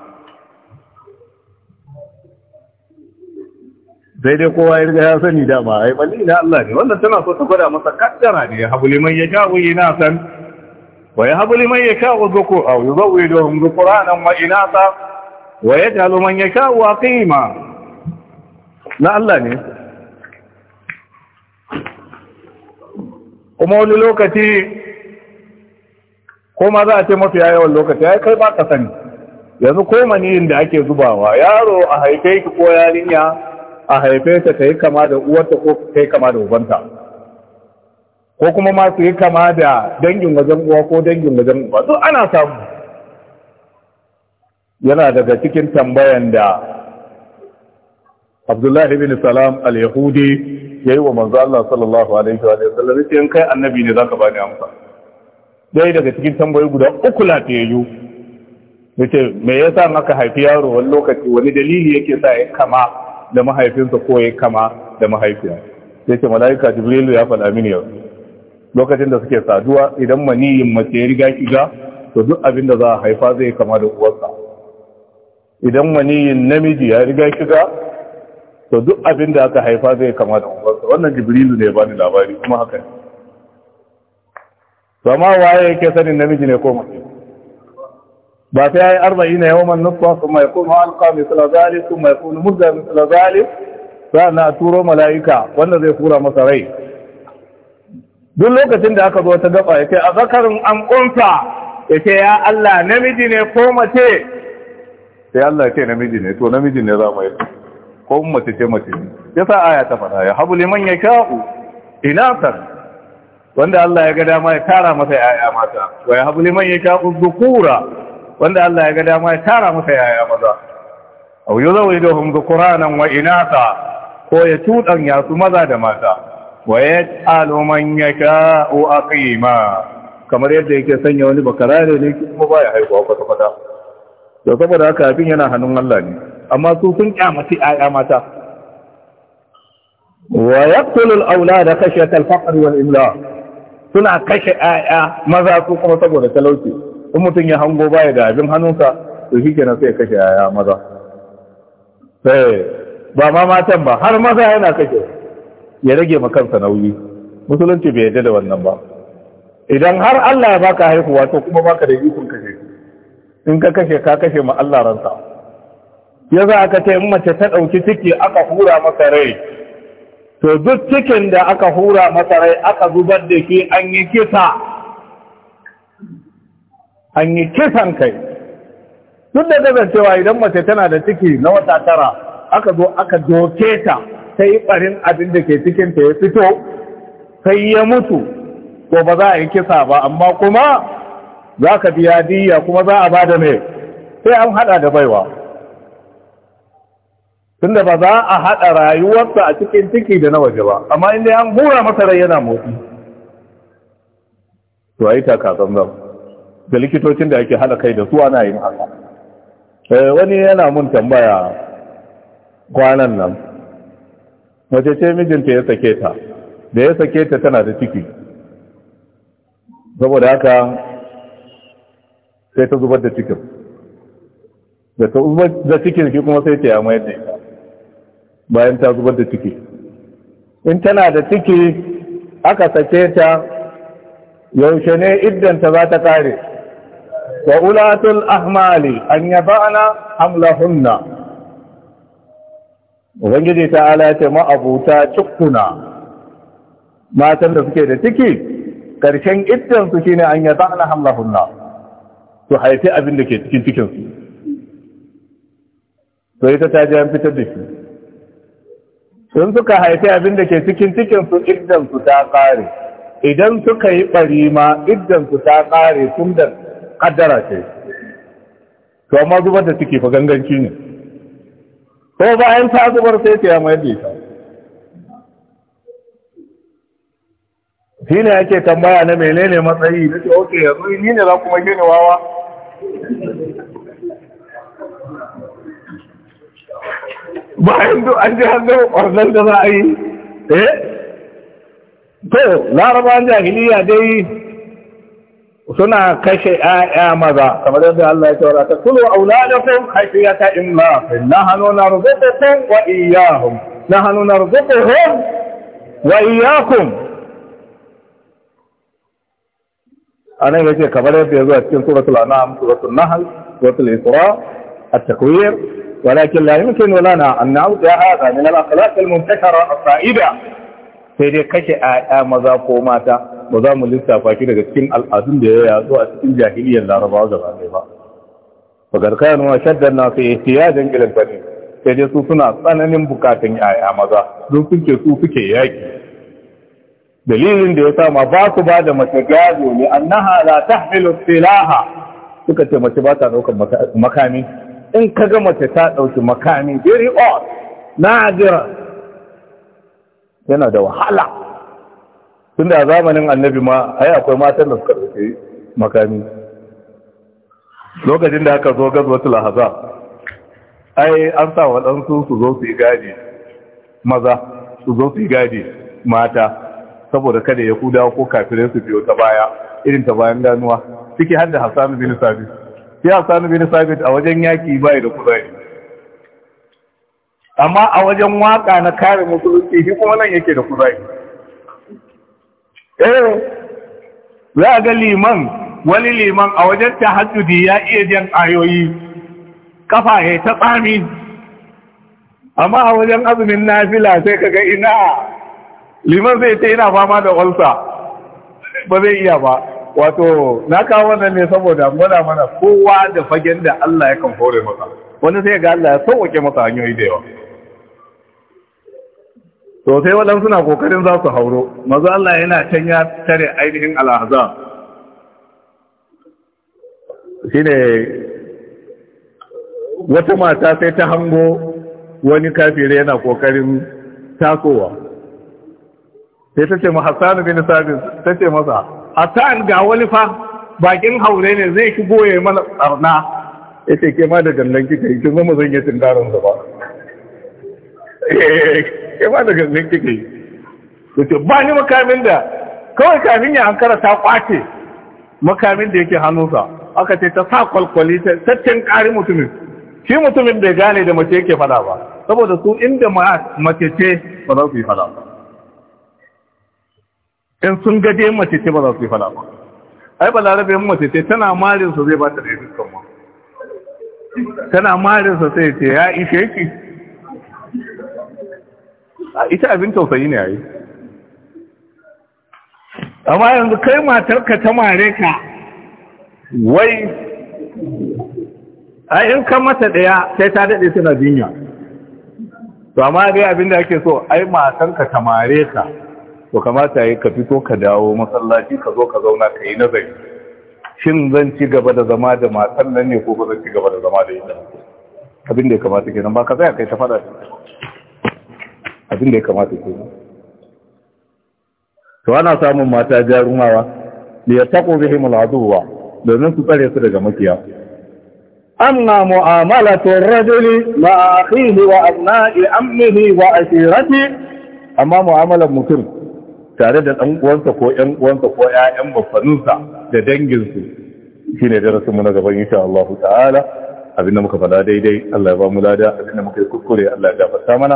sai dai kowa ya ya sani dama ai balli na Allah ne wannan tana so ta gwada masa kaddara ne ya habu liman ya sha'u san? wa ya habu liman ya sha'u dhukur aw yuzawwiduhum dhukuranan wa inasa wa yaj'alu man yasha'u aqima na Allah ne kuma wani lokaci ko ma za a ce mafi yawan lokaci ya kai ba ka sani yanzu ko maniyin da ake zubawa yaro a haife ki ko yarinya a haife ta ta yi kama da uwarta ko ta yi kama da ubanta ko kuma ma su yi kama da dangin wajen uwa ko dangin wajen uba duk ana samu yana daga cikin tambayan da Abdullahi ibn Salam al-Yahudi yayi wa manzo Allah sallallahu alaihi wa sallam sai kai annabi ne zaka bani amsa dai daga cikin tambayoyi guda uku yayu yace me yasa maka haifi yaro wani lokaci wani dalili yake sa ya kama da mahaifinsa ko ya kama da mahaifiya sai ce mala'ika jibrilu ya faɗa mini yau lokacin da suke saduwa idan maniyin mace ya riga shiga to duk abin da za a haifa zai kama da uwarsa idan maniyin namiji ya riga shiga to duk abin da aka haifa zai kama da uwarsa wannan jibrilu ne ya bani labari kuma haka ne to waye yake sanin namiji ne ko mace ba sai ya yi yayi arba'ina yawman mai kuma yakunu alqa mithla zalik kuma yakunu mudda za a na turo mala'ika wanda zai kura masa rai duk lokacin da aka zo ta gaba ce a zakarin an kunsa ce ya Allah namiji ne ko mace sai Allah ce namiji ne to namiji ne za mu yi ko mace ce mace ne sa aya ta fara ya habu liman kyau inatan wanda Allah ya ga dama ya tara masa yaya mata wa ya habu liman kyau dhukura wanda Allah ya ga dama ya tara masa yaya maza aw yuzawiduhum dhukuranan wa inatha ko ya tudan ya su maza da mata wa yaj'alu man yaka'u aqima kamar yadda yake sanya wani bakara ne kuma baya haihuwa kwata kwata to saboda haka abin yana hannun Allah ne amma su sun kyamaci aya mata wa yaqtulu al-awlada khashyata al-faqr wal imla suna kashe aya maza su kuma saboda talauci in mutum ya hango baya da abin hannunsa to shi kenan sai kashe yaya maza sai eh, ba ma matan ba har maza yana kashe ya rage ma kansa nauyi musulunci bai yarda da wannan ba idan har Allah ya baka haihuwa to kuma baka da ikon kashe in ka kashe ka kashe ma Allah ransa ya za aka ce in mace ta ɗauki ciki aka hura masa rai to duk cikin da aka hura masa rai aka zubar da shi an yi kisa an yi kisan kai duk da cewa idan mace tana da ciki na wata tara aka zo aka doke ta ta yi ɓarin abin da ke cikinta ya fito sai ya mutu to ba za a yi kisa ba amma kuma za ka biya diya kuma za a ba mai sai an haɗa da baiwa tunda ba za a haɗa rayuwarsa a cikin ciki da na waje ba amma inda an hura masa rai yana motsi to a yi takasar zama da likitocin da ake hada kai da su ana yin haka eh, wani yana mun tambaya kwanan nan Wace ce mijinta ya sake ta da ya sake ta tana da ciki saboda haka sai ta zubar da cikin da ta zubar da cikin ki kuma sai ta ya mai da ita bayan ta zubar da ciki in tana da ciki aka sake ta yaushe ne iddanta za ta kare ahmali an أن يبعن حملهن Ubangiji ta alata ma'abuta cikuna matan da suke da ciki ƙarshen iddansu shi ne an yi za'ana hamlahunna su haifi abin da ke cikin cikinsu. To ita ta ji an fitar da shi. Sun suka haifi abin da ke cikin cikinsu iddansu ta ƙare. Idan suka yi ɓari ma iddansu ta ƙare tun da kaddara ce to amma zubar da ciki fa ganganci ne ko bayan ta zubar sai ta mai da ita shi yake tambaya na menene matsayi na ce oke yanzu ni ne za kuma gini wawa bayan duk an ji hannun ƙwarnar da za a yi eh to laraba jahiliya dai suna kashe ‘ya'ya maza, kamar yadda Allah ya taura ta kulu auladakum khashiyata imlaqin nahnu narzuqukum wa iyyahum nahnu narzuquhum wa iyyakum anan yace kamar yadda yazo a cikin suratul an'am suratul nahl suratul isra at-takwir ولكن لا يمكن لنا أن نعود هذا من الأخلاق المنتشرة الصائبة سيدي كشئ آية مذاق وماتا ba za mu lissafa shi daga cikin al'adun da ya yazo a cikin jahiliyar larabawa gaba ɗaya ba fa garkayar ma shaddan na sai ihtiyajan ila bane sai dai su suna tsananin bukatun yaya maza don sun ce su suke yaki dalilin da ya sa ma ba su ba da mace gado ne annaha la tahmilu silaha suka ce mace ba ta daukar makami in ka ga mace ta ɗauki makami very odd nadira yana da wahala tun a zamanin annabi ma ai akwai matan da suka dauke makami lokacin da aka zo ta lahaza. ai an sa waɗansu su zo su yi gadi maza su zo su yi gadi mata saboda kada ya kuda ko kafirai su biyo ta baya irin ta bayan ganuwa ciki har da Hassan bin Sabit sai Hassan bin Sabit a wajen yaki bai da kuzari amma a wajen waka na kare musulunci shi kuma nan yake da kuzari E za ga liman wani liman a wajen tahajjudi ya iya jan ayoyi kafa ya ta tsami amma a wajen azumin nafila sai kaga ina liman zai ta yana fama da walsa ba zai iya ba wato na kawo wannan ne saboda gwada mana kowa da fagen da Allah ya kan hore masa wani sai ga Allah ya sauwake masa hanyoyi da yawa to sai waɗansu suna kokarin za su hauro mazu Allah yana can ya tare ainihin al'azab shi ne wata mata sai ta hango wani kafire yana kokarin tasowa sai ta ce ma hassanu bin sabis ta ce masa hassan ga wani fa bakin haure ne zai shigo ya mana tsarna ya ce ke ma da gallon kika yi kin zama zan yi tungarin ba ya eh, ba da gangan kike yi ya ce ba ni makamin da kawai kafin ya hankara ta kwace makamin da yake hannunsa aka ce ta sa kwalkwali ta tattin ƙari mutumin shi mutumin bai gane da mace yake fada ba saboda su inda mace ce ba za su yi fada ba in sun gaje mace ce ba za su yi fada ba ai ba larabe mace ce tana marinsa zai ba ta da dukkan ma tana marinsa sai ce ya ishe ki ita abin tausayi ne yayi amma yanzu kai matarka ta mare ka wai a in kan mata ɗaya sai ta daɗe suna jinya to amma dai abin da ake so ai matarka ta mare ka to kamata yi ka fito ka dawo masallaci ka zo ka zauna ka yi nazari shin zan ci gaba da zama da matan nan ne ko ba zan ci gaba da zama da ita abin da ya kamata kenan ba ka tsaya kai ta faɗa abin da ya kamata ke to ana samun mata jarumawa da ya taƙo bihim al'aduwa domin su tsare su daga makiya amma mu'amalatun rajuli ma akhihi wa abna'i ammihi wa asirati amma mu'amalar mutum tare da ɗan uwansa ko ƴan uwansa ko ƴaƴan babbaninsa da danginsu shine darasin mu na gaban insha Allah ta'ala abinda muka faɗa daidai Allah ya ba mu lada abinda muka kuskure Allah ya gafarta mana